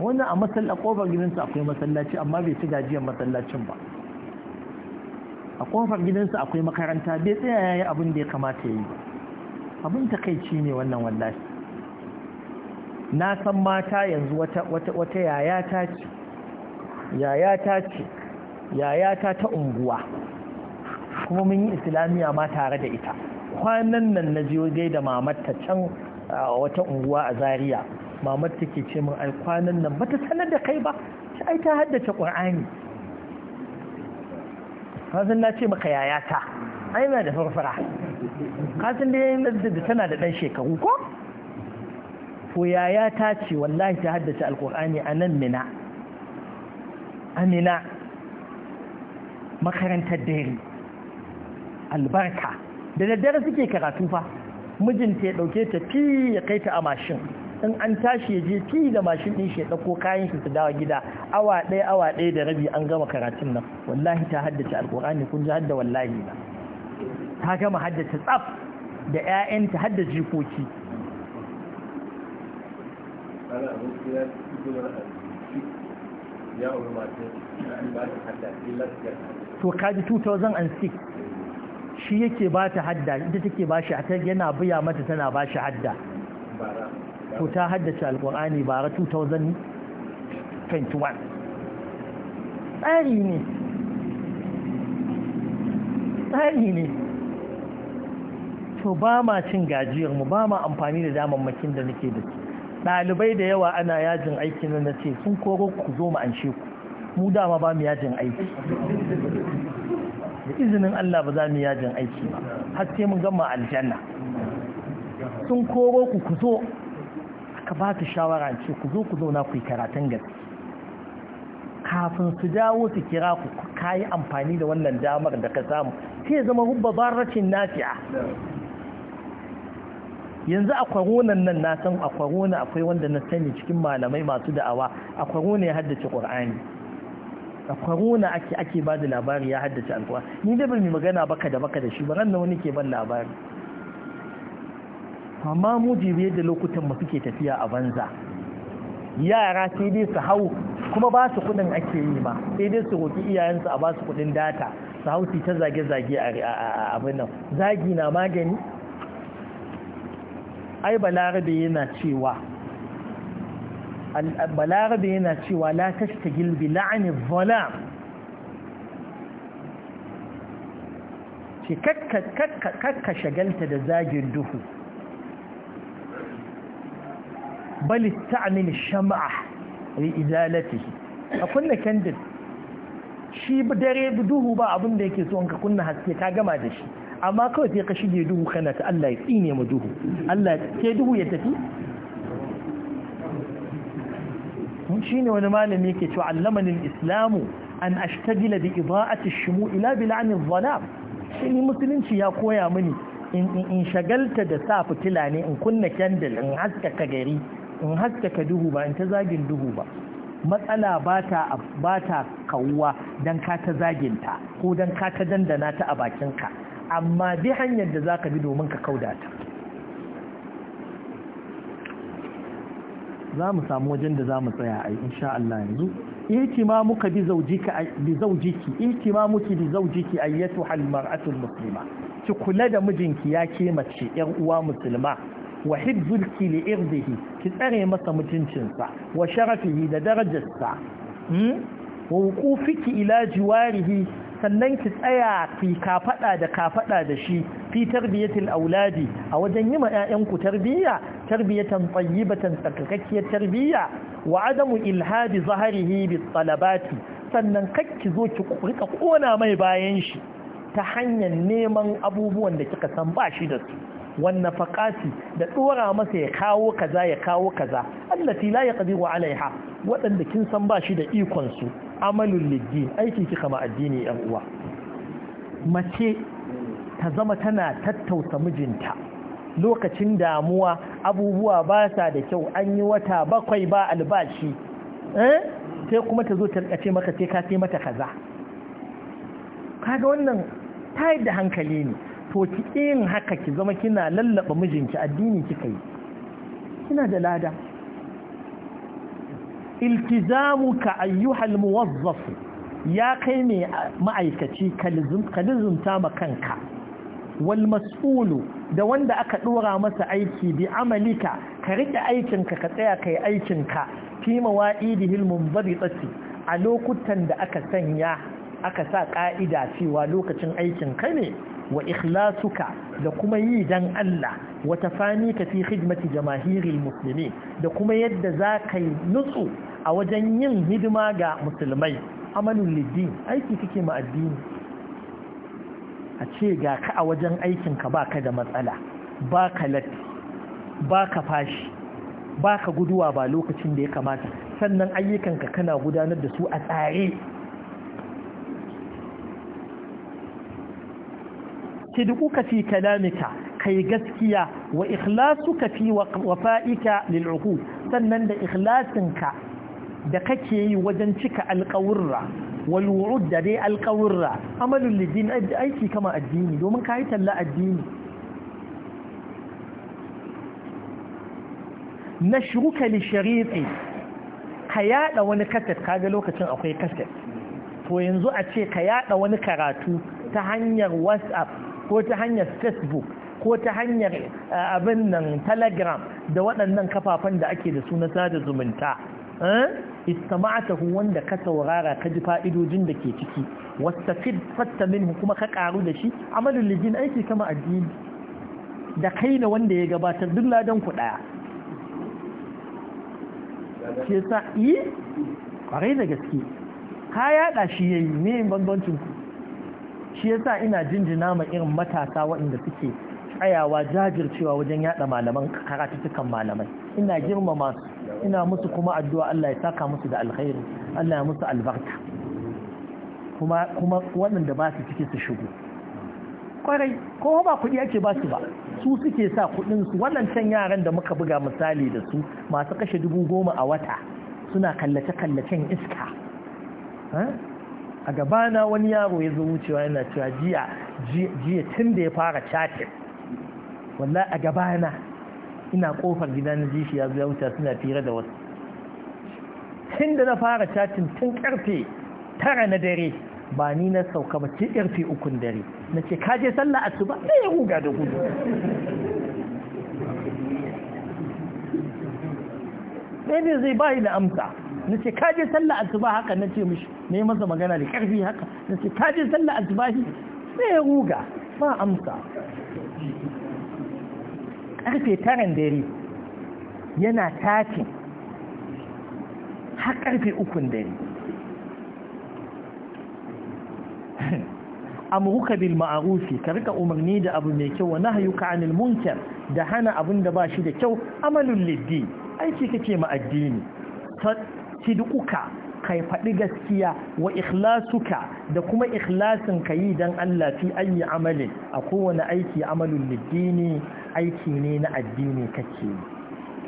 wannan a kofar gidansu akwai masallaci amma bai ci gajiyar masallacin ba a kofar gidansa akwai makaranta bai tsaya ya abin da ya kamata ya yi abin ta takaici ne wannan wallahi na san mata yanzu wata yayata ce yayata ce yayata ta unguwa kuma mun yi islamiyya ma tare da ita kwanan nan na jiwo dai da mamatta can a wata unguwa a Zariya. mamatta ke ce min ai kwanan nan bata sanar da kai ba ai ta haddace qur'ani kasan na ce maka yayata ai yana da farfara kasan da yayin da tana da ɗan shekaru ko yaya yayata ce wallahi ta haddace alkur'ani a nan mina amina makarantar dare albarka da daddare suke karatu fa mijinta ya ɗauke ta fi ya kai ta a mashin in an tashi ya je fi da mashin ɗin shi ya ɗauko kayan shi su dawo gida awa ɗaya awa ɗaya da rabi an gama karatun nan wallahi ta haddace alƙur'ani kun ji hadda wallahi na ta gama haddace tsaf da 'ya'yanta hadda jikoki to kaji 2006 shi yake ba ta hadda ita take ba shi yana buya mata tana ba shi hadda to ta haddace alkur'ani ra 2021 tsari ne tsari ne to ba ma cin gajiyarmu ba ma amfani da damammakin da nake da ɗalibai da yawa ana yajin aiki na ce sun koro ku zo mu an ku mu dama ba mu yajin aiki da izinin Allah ba za mu yajin aiki ba har sai mun gama aljanna sun koro ku ku zo aka ba ta shawara ce ku zo ku zauna ku yi karatun gaske kafin su dawo su kira ku ka amfani da wannan damar da ka samu ke zama hubba barracin nafiya yanzu a kwaronan nan na san a kwaronan akwai wanda na sani cikin malamai masu da'awa a kwaronan ya haddace ƙur'ani a kwaronan ake ake ba da labari ya haddace alƙur'ani ni da mai magana baka da baka da shi ba ran wani ke ban labari amma mu jibi yadda lokutan ba suke tafiya a banza yara sai dai su hau kuma ba su kudin ake yi ba sai dai su roki iyayensu a ba su kudin data su hau ta zage-zage a abin nan zagi na magani ai balarabe yana cewa balarabe yana cewa la ta gilbi la'ani zalam ce kakka shagalta da zagin duhu bal ista'mil sham'a li izalatihi a kunna candle shi dare duhu ba abin da yake so in ka kunna haske ka gama da shi amma kawai sai ka shige duhu kana ta Allah ya tsine mu duhu Allah sai duhu ya tafi shine wani malami yake cewa allamani islamu an ashtagila bi ida'ati ash-shumu' ila bil'an adh-dhalam shi musulunci ya koya mini in shagalta da sa fitila ne in kunna candle in haskaka gari in haskaka duhu ba in ta zagin duhu ba matsala ba ta kawuwa don ka ta zaginta ko don ka ta dandana ta a bakinka amma bi hanyar da za ka bi domin ka kauda ta za mu samu wajen da za mu tsaya a insha Allah yanzu muka bi bi zawjiki ihtimamuki bi zawjiki ayyatuha muslima ki kula da mijinki ya ke mace yar uwa musulma wa hibzulki li irdihi ki tsare masa mutuncinsa wa sharafihi da darajarsa hmm? wa wuqufiki ila jiwarihi sannan ki tsaya fi kafada da kafada da shi fi tarbiyatul auladi a wajen yi ma 'ya'yanku tarbiyya tarbiyatan tayyibatan tsarkakakkiyar tarbiyya wa adamu ilhadi zaharihi bi talabati sannan kakki zo ki rika kona mai bayan shi ta hanyar neman abubuwan da kika san ba shi da su wannan faƙati da ɗora masa ya kawo kaza ya kawo kaza allati la yaqdiru alaiha waɗanda kin san ba shi da ikon su amalul liddi aiki kika ma addini yan uwa mace ta zama tana tattauta mijinta lokacin damuwa abubuwa ba sa da kyau an yi wata bakwai ba albashi eh sai kuma ta zo ta kace maka sai ka sai mata kaza kaga wannan ta da hankali ne to ki yin haka ki zama kina lallaba mijinki addini kika yi kina da lada iltizamuka ayyuhal muwazzaf ya kai mai ma'aikaci ka lizumta ma kanka wal mas'ulu da wanda aka dora masa aiki bi amalika ka rike aikinka ka tsaya kai aikinka fi mawa'idihil munzabitati a lokutan da aka sanya aka sa ka'ida cewa lokacin aikin ka ne wa ikhlasuka da kuma yi dan Allah wa ka fi khidmati jamaahiril muslimin da kuma yadda zaka yi nutsu a wajen yin hidima ga musulmai amalul lidin aiki kike ma addini a ce ga ka a wajen aikin ka baka da matsala baka latti baka fashi baka guduwa ba lokacin da ya kamata sannan ayyukanka kana gudanar da su a tsare sidikuka fi kalamika kai gaskiya wa ikhlasuka fi wafa'ika lil uqud sannan da ikhlasinka da kake yi wajen cika alƙawurra wal da dai alƙawurra amalul lidin aiki kama addini domin kai talla addini nashruka li shariqi ka yaɗa wani kaset kaga lokacin akwai kaset to yanzu a ce kaya da wani karatu ta hanyar whatsapp ko ta hanyar facebook ko ta hanyar eh, abin nan telegram da waɗannan kafafen da ake da su na sada zumunta eh? istama'atahu wanda ka saurara ka ji fa'idojin da ke ciki fit fatta minhu kuma ka karu da shi amalin lijin aiki kama addini da kai na wanda ya gabatar duk ladan ku daya ke yasa yi eh? kwarai da gaske ka yada shi yayi ne bambancin ku shi yasa ina jinjina ma irin matasa waɗanda suke tsayawa jajircewa wajen yada malaman karatutukan malamai ina girmama su ina musu kuma addu'a Allah ya saka musu da alkhairi Allah ya musu albarka kuma kuma waɗanda ba su cike su shigo kwarai ko ba kuɗi ake ba su ba su suke sa kuɗin su waɗancan yaran da muka buga misali da su masu kashe dubu goma a wata suna kallace kallacen iska a gabana wani yaro ya zo wucewa yana cewa jiya jiya tun da ya fara chatin wallah a gabana ina kofar gida na jishi ya zo ya wuce suna fira da wasu tun da na fara chatin tun karfe tara na dare ba ni na sauka ba ce karfe ukun dare na ce ka je sallah asuba sai ya huga da gudu ɗaya ne zai bayi da amsa na ce ka je sallah asuba haka na ce mishi ne masa magana da ƙarfi haka da su kaji je sallar asubahi sai ya ruga ba amsa ƙarfe taran dare yana tatin har ƙarfe ukun dare amruka bil ma'arufi ka rika umarni da abu mai kyau wa nahyuka anil munkar da hana abin da ba shi da kyau amalin liddi aiki kake ma addini sidquka kai faɗi gaskiya wa ikhlasuka da kuma ikhlasin ka yi don Allah fi ayi amalin a kowane aiki amalin liddini aiki ne na addini kake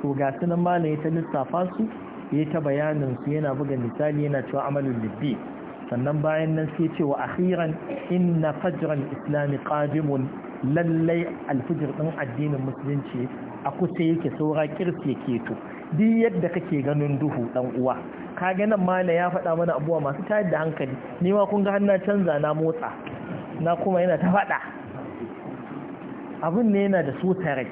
to ga su nan ta lissafa su ya ta bayanin su yana buga misali yana cewa amalin liddi sannan bayan nan sai cewa wa akhiran inna fajran islami qadimun lallai alfijir ɗin addinin musulunci a kusa yake saura kirsi yake to duk yadda kake ganin duhu ɗan uwa ga nan mala ya faɗa mana abuwa masu tayar da hankali ni ma kun ga hannun canza na motsa na kuma yana ta faɗa abin ne yana da so tare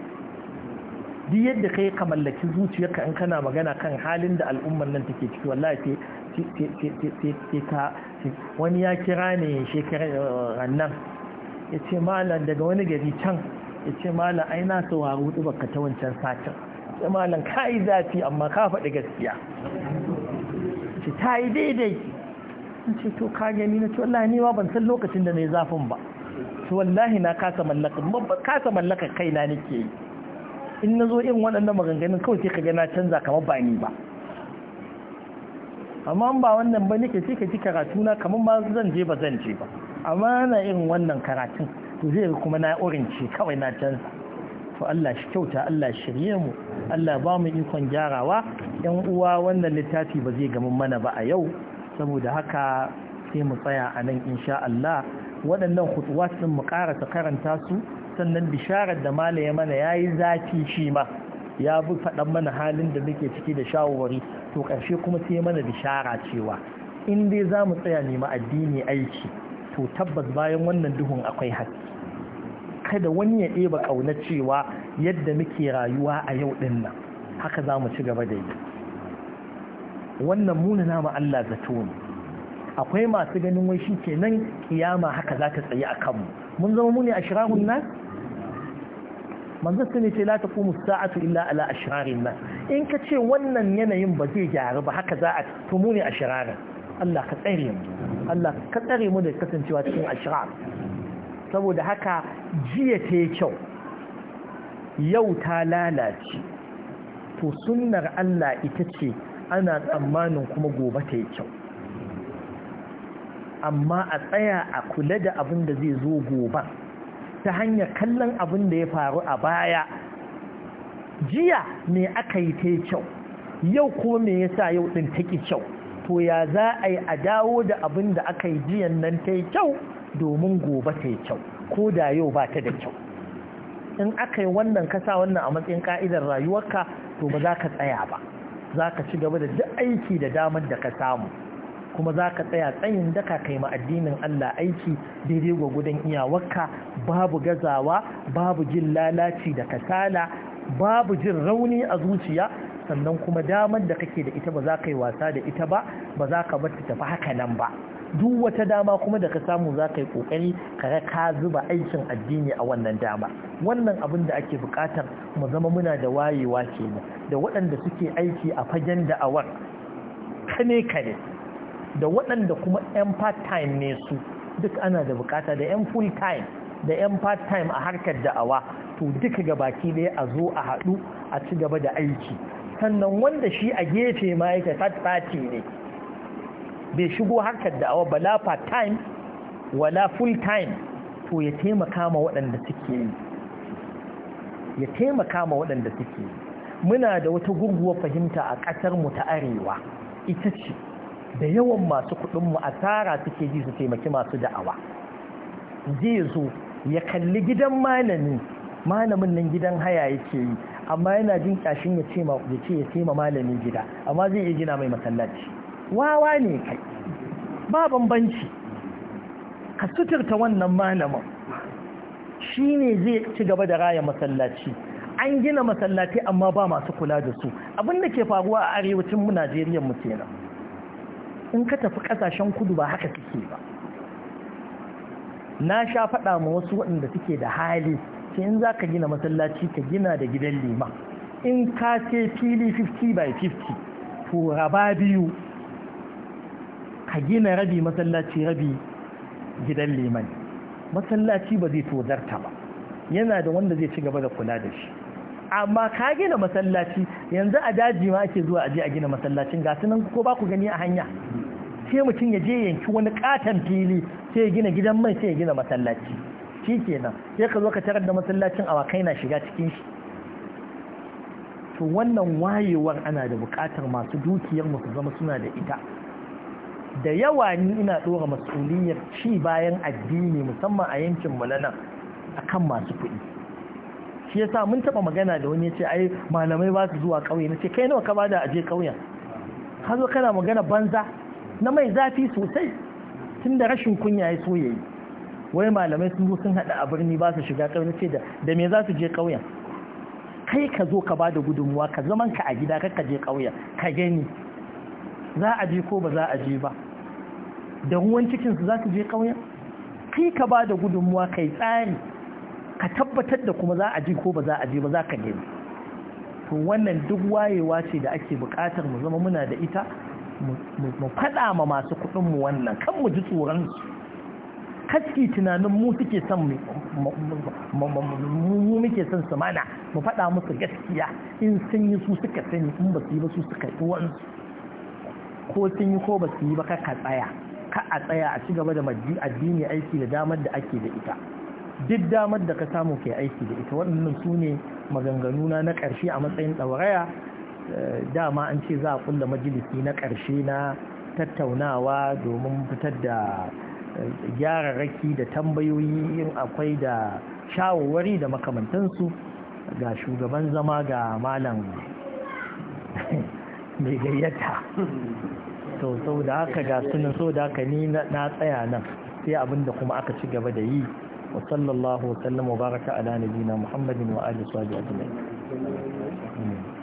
duk yadda kai ka mallaki zuciyarka in kana magana kan halin da al'ummar nan take ciki wallahi ce ta wani ya kira ne shekarar eh, nan ya ce malam daga wani gari can ya ce malam ai na sauraro ɗubarka ta wancan satin ya malam ka yi zafi amma ka faɗi gaskiya ce ta yi daidai in ce to ka gani na ce wallahi ni ma ban san lokacin da na yi zafin ba to wallahi na kasa mallaka kasa mallaka na nake yi in na zo irin waɗannan maganganun kawai sai ka gana na canza kamar ba ni ba amma ba wannan ba nake sai ka ji karatu na kamar ba zan je ba zan je ba amma na irin wannan karatun to zai kuma na orince kawai na canza to Allah shi kyauta Allah shirye mu Allah ba mu ikon gyarawa yan uwa wannan littafi ba zai gamin mana ba a yau saboda haka sai mu tsaya a nan insha Allah waɗannan hutuwa sun mu karasa karanta su sannan bisharar da malaye mana yi zafi shi ma ya bi faɗan mana halin da muke ciki da shawarwari to ƙarshe kuma sai mana bishara cewa in dai za mu tsaya nema addini aiki to tabbas bayan wannan duhun akwai haske kada wani ya ɗeba ƙauna cewa yadda muke rayuwa a yau ɗin nan haka za mu ci gaba da yi wannan muna nama Allah zato ne akwai masu ganin wai shi ke nan kiyama haka za ta tsaye a kanmu mun zama mu ne a shirahun nan manzo ne ce la kuma sa'atu illa ala ashrarin nan in ka ce wannan yanayin ba zai gyaru ba haka za a tumuni ne a shirarin Allah ka tsare mu Allah ka tsare mu da kasancewa cikin ashrar saboda haka jiya ta yi kyau yau ta lalace to sunnar Allah ita ce ana tsammanin kuma gobe ta yi kyau amma a tsaya a kula da abin da zai zo gobe ta hanyar kallon abin da ya faru a baya jiya me aka yi ta yi kyau yau kuma me yasa yau din take kyau to ya za a yi a dawo da abin da aka yi jiyan nan ta yi kyau domin gobe ta yi kyau ko da yau ba ta da kyau in aka yi wannan kasa wannan a matsayin ka'idar rayuwarka to ba za ka tsaya ba za ka ci gaba da duk aiki da damar da ka samu kuma za ka tsaya tsayin daka kai ma addinin Allah aiki daidai gudan iyawarka babu gazawa babu jin lalaci da kasala babu jin rauni a zuciya sannan kuma damar da kake da ita ba za ka yi wasa da ita ba ba za ka bar ta tafi haka nan ba duk wata dama kuma da ka samu za ka yi ƙoƙari kare ka zuba aikin addini a wannan dama wannan abin da ake bukatar mu zama muna da wayewa ke da waɗanda suke aiki a fagen da'awar kane kane da waɗanda kuma 'yan part time ne su duk ana da bukata da 'yan full time da 'yan part time a harkar da'awa to duka ga baki ɗaya a zo a haɗu a ci gaba da aiki sannan wanda shi a gefe ma yake third party ne bai shigo harkar da awa ba part time wala full time to ya taimaka ma waɗanda suke yi ya taimaka ma waɗanda suke yi muna da wata gurguwa fahimta a ƙasar mu ta arewa ita ce da yawan masu kuɗin mu asara suke ji su taimaki masu da'awa zai zo ya kalli gidan malami malamin nan gidan haya yake yi amma yana jin kyashin ya ce ya taimaka malamin gida amma zai iya gina mai masallaci wawa ne kai ba bambanci ka suturta wannan malamin shi ne zai ci gaba da raya masallaci an gina masallaci amma ba masu kula da su abinda ke faruwa a arewacin mu Najeriya mu kenan in ka tafi kasashen kudu ba haka suke ba na sha faɗa ma wasu waɗanda suke da hali sai in za ka gina masallaci ka gina da gidan lima in ka ce fili 50 by 50 to raba biyu ka gina rabi masallaci rabi gidan liman masallaci ba zai tozarta ba yana da wanda zai ci gaba da kula da shi amma ka gina masallaci yanzu a daji ma ake zuwa aje a gina masallacin ga sunan ko ba ku gani a hanya sai mutum ya je yanki wani katon fili sai ya gina gidan mai sai ya gina masallaci shi kenan sai ka zo ka tarar da masallacin awakai na shiga cikin shi to wannan wayewar ana da bukatar masu dukiyar mu su zama suna da ita da yawa ni ina dora masuliyar ci bayan addini musamman a yankin mu na nan akan masu kuɗi shi yasa mun taba magana da wani yace ce ai malamai ba su zuwa ƙauye na ce kai nawa ka bada aje ƙauyen har zo kana magana banza na mai zafi sosai tun da rashin kunya ya so yayi wai malamai sun zo sun hada a birni ba su shiga ƙauye na ce da me za su je kauyen kai ka zo ka bada gudunmuwa ka zaman ka a gida ka je kauyen ka gani za a je ko ba za a je ba da ruwan cikinsu za su je ƙauyen kai ka ba da gudunmuwa kai tsari ka tabbatar da kuma za a ji ko ba za a ji ba za ka nemi to wannan duk wayewa ce da ake buƙatar mu zama muna da ita mu faɗa ma masu kuɗinmu wannan kan mu ji tsoron su kaski tunanin mu suke son mu muke son su mana mu faɗa musu gaskiya in sun yi su suka sani in ba su yi ba su suka yi ko sun yi ko ba su yi ba ka tsaya ka a tsaya a ci gaba da addini aiki da damar da ake da ita duk damar da ka samu ke aiki da ita waɗannan su ne na na ƙarshe a matsayin ɗauraya eh, dama an ce za a kulla majalisi na ƙarshe na tattaunawa domin fitar da eh, gyararraki da tambayoyi in akwai da shawarwari da makamantansu ga shugaban zama ga malam mai gayyata to saboda haka ga so da aka ni na tsaya nan sai abinda kuma aka ci gaba da yi wa sallallahu wa sallama wa baraka ala nabiyina muhammadin wa alihi wa sahbihi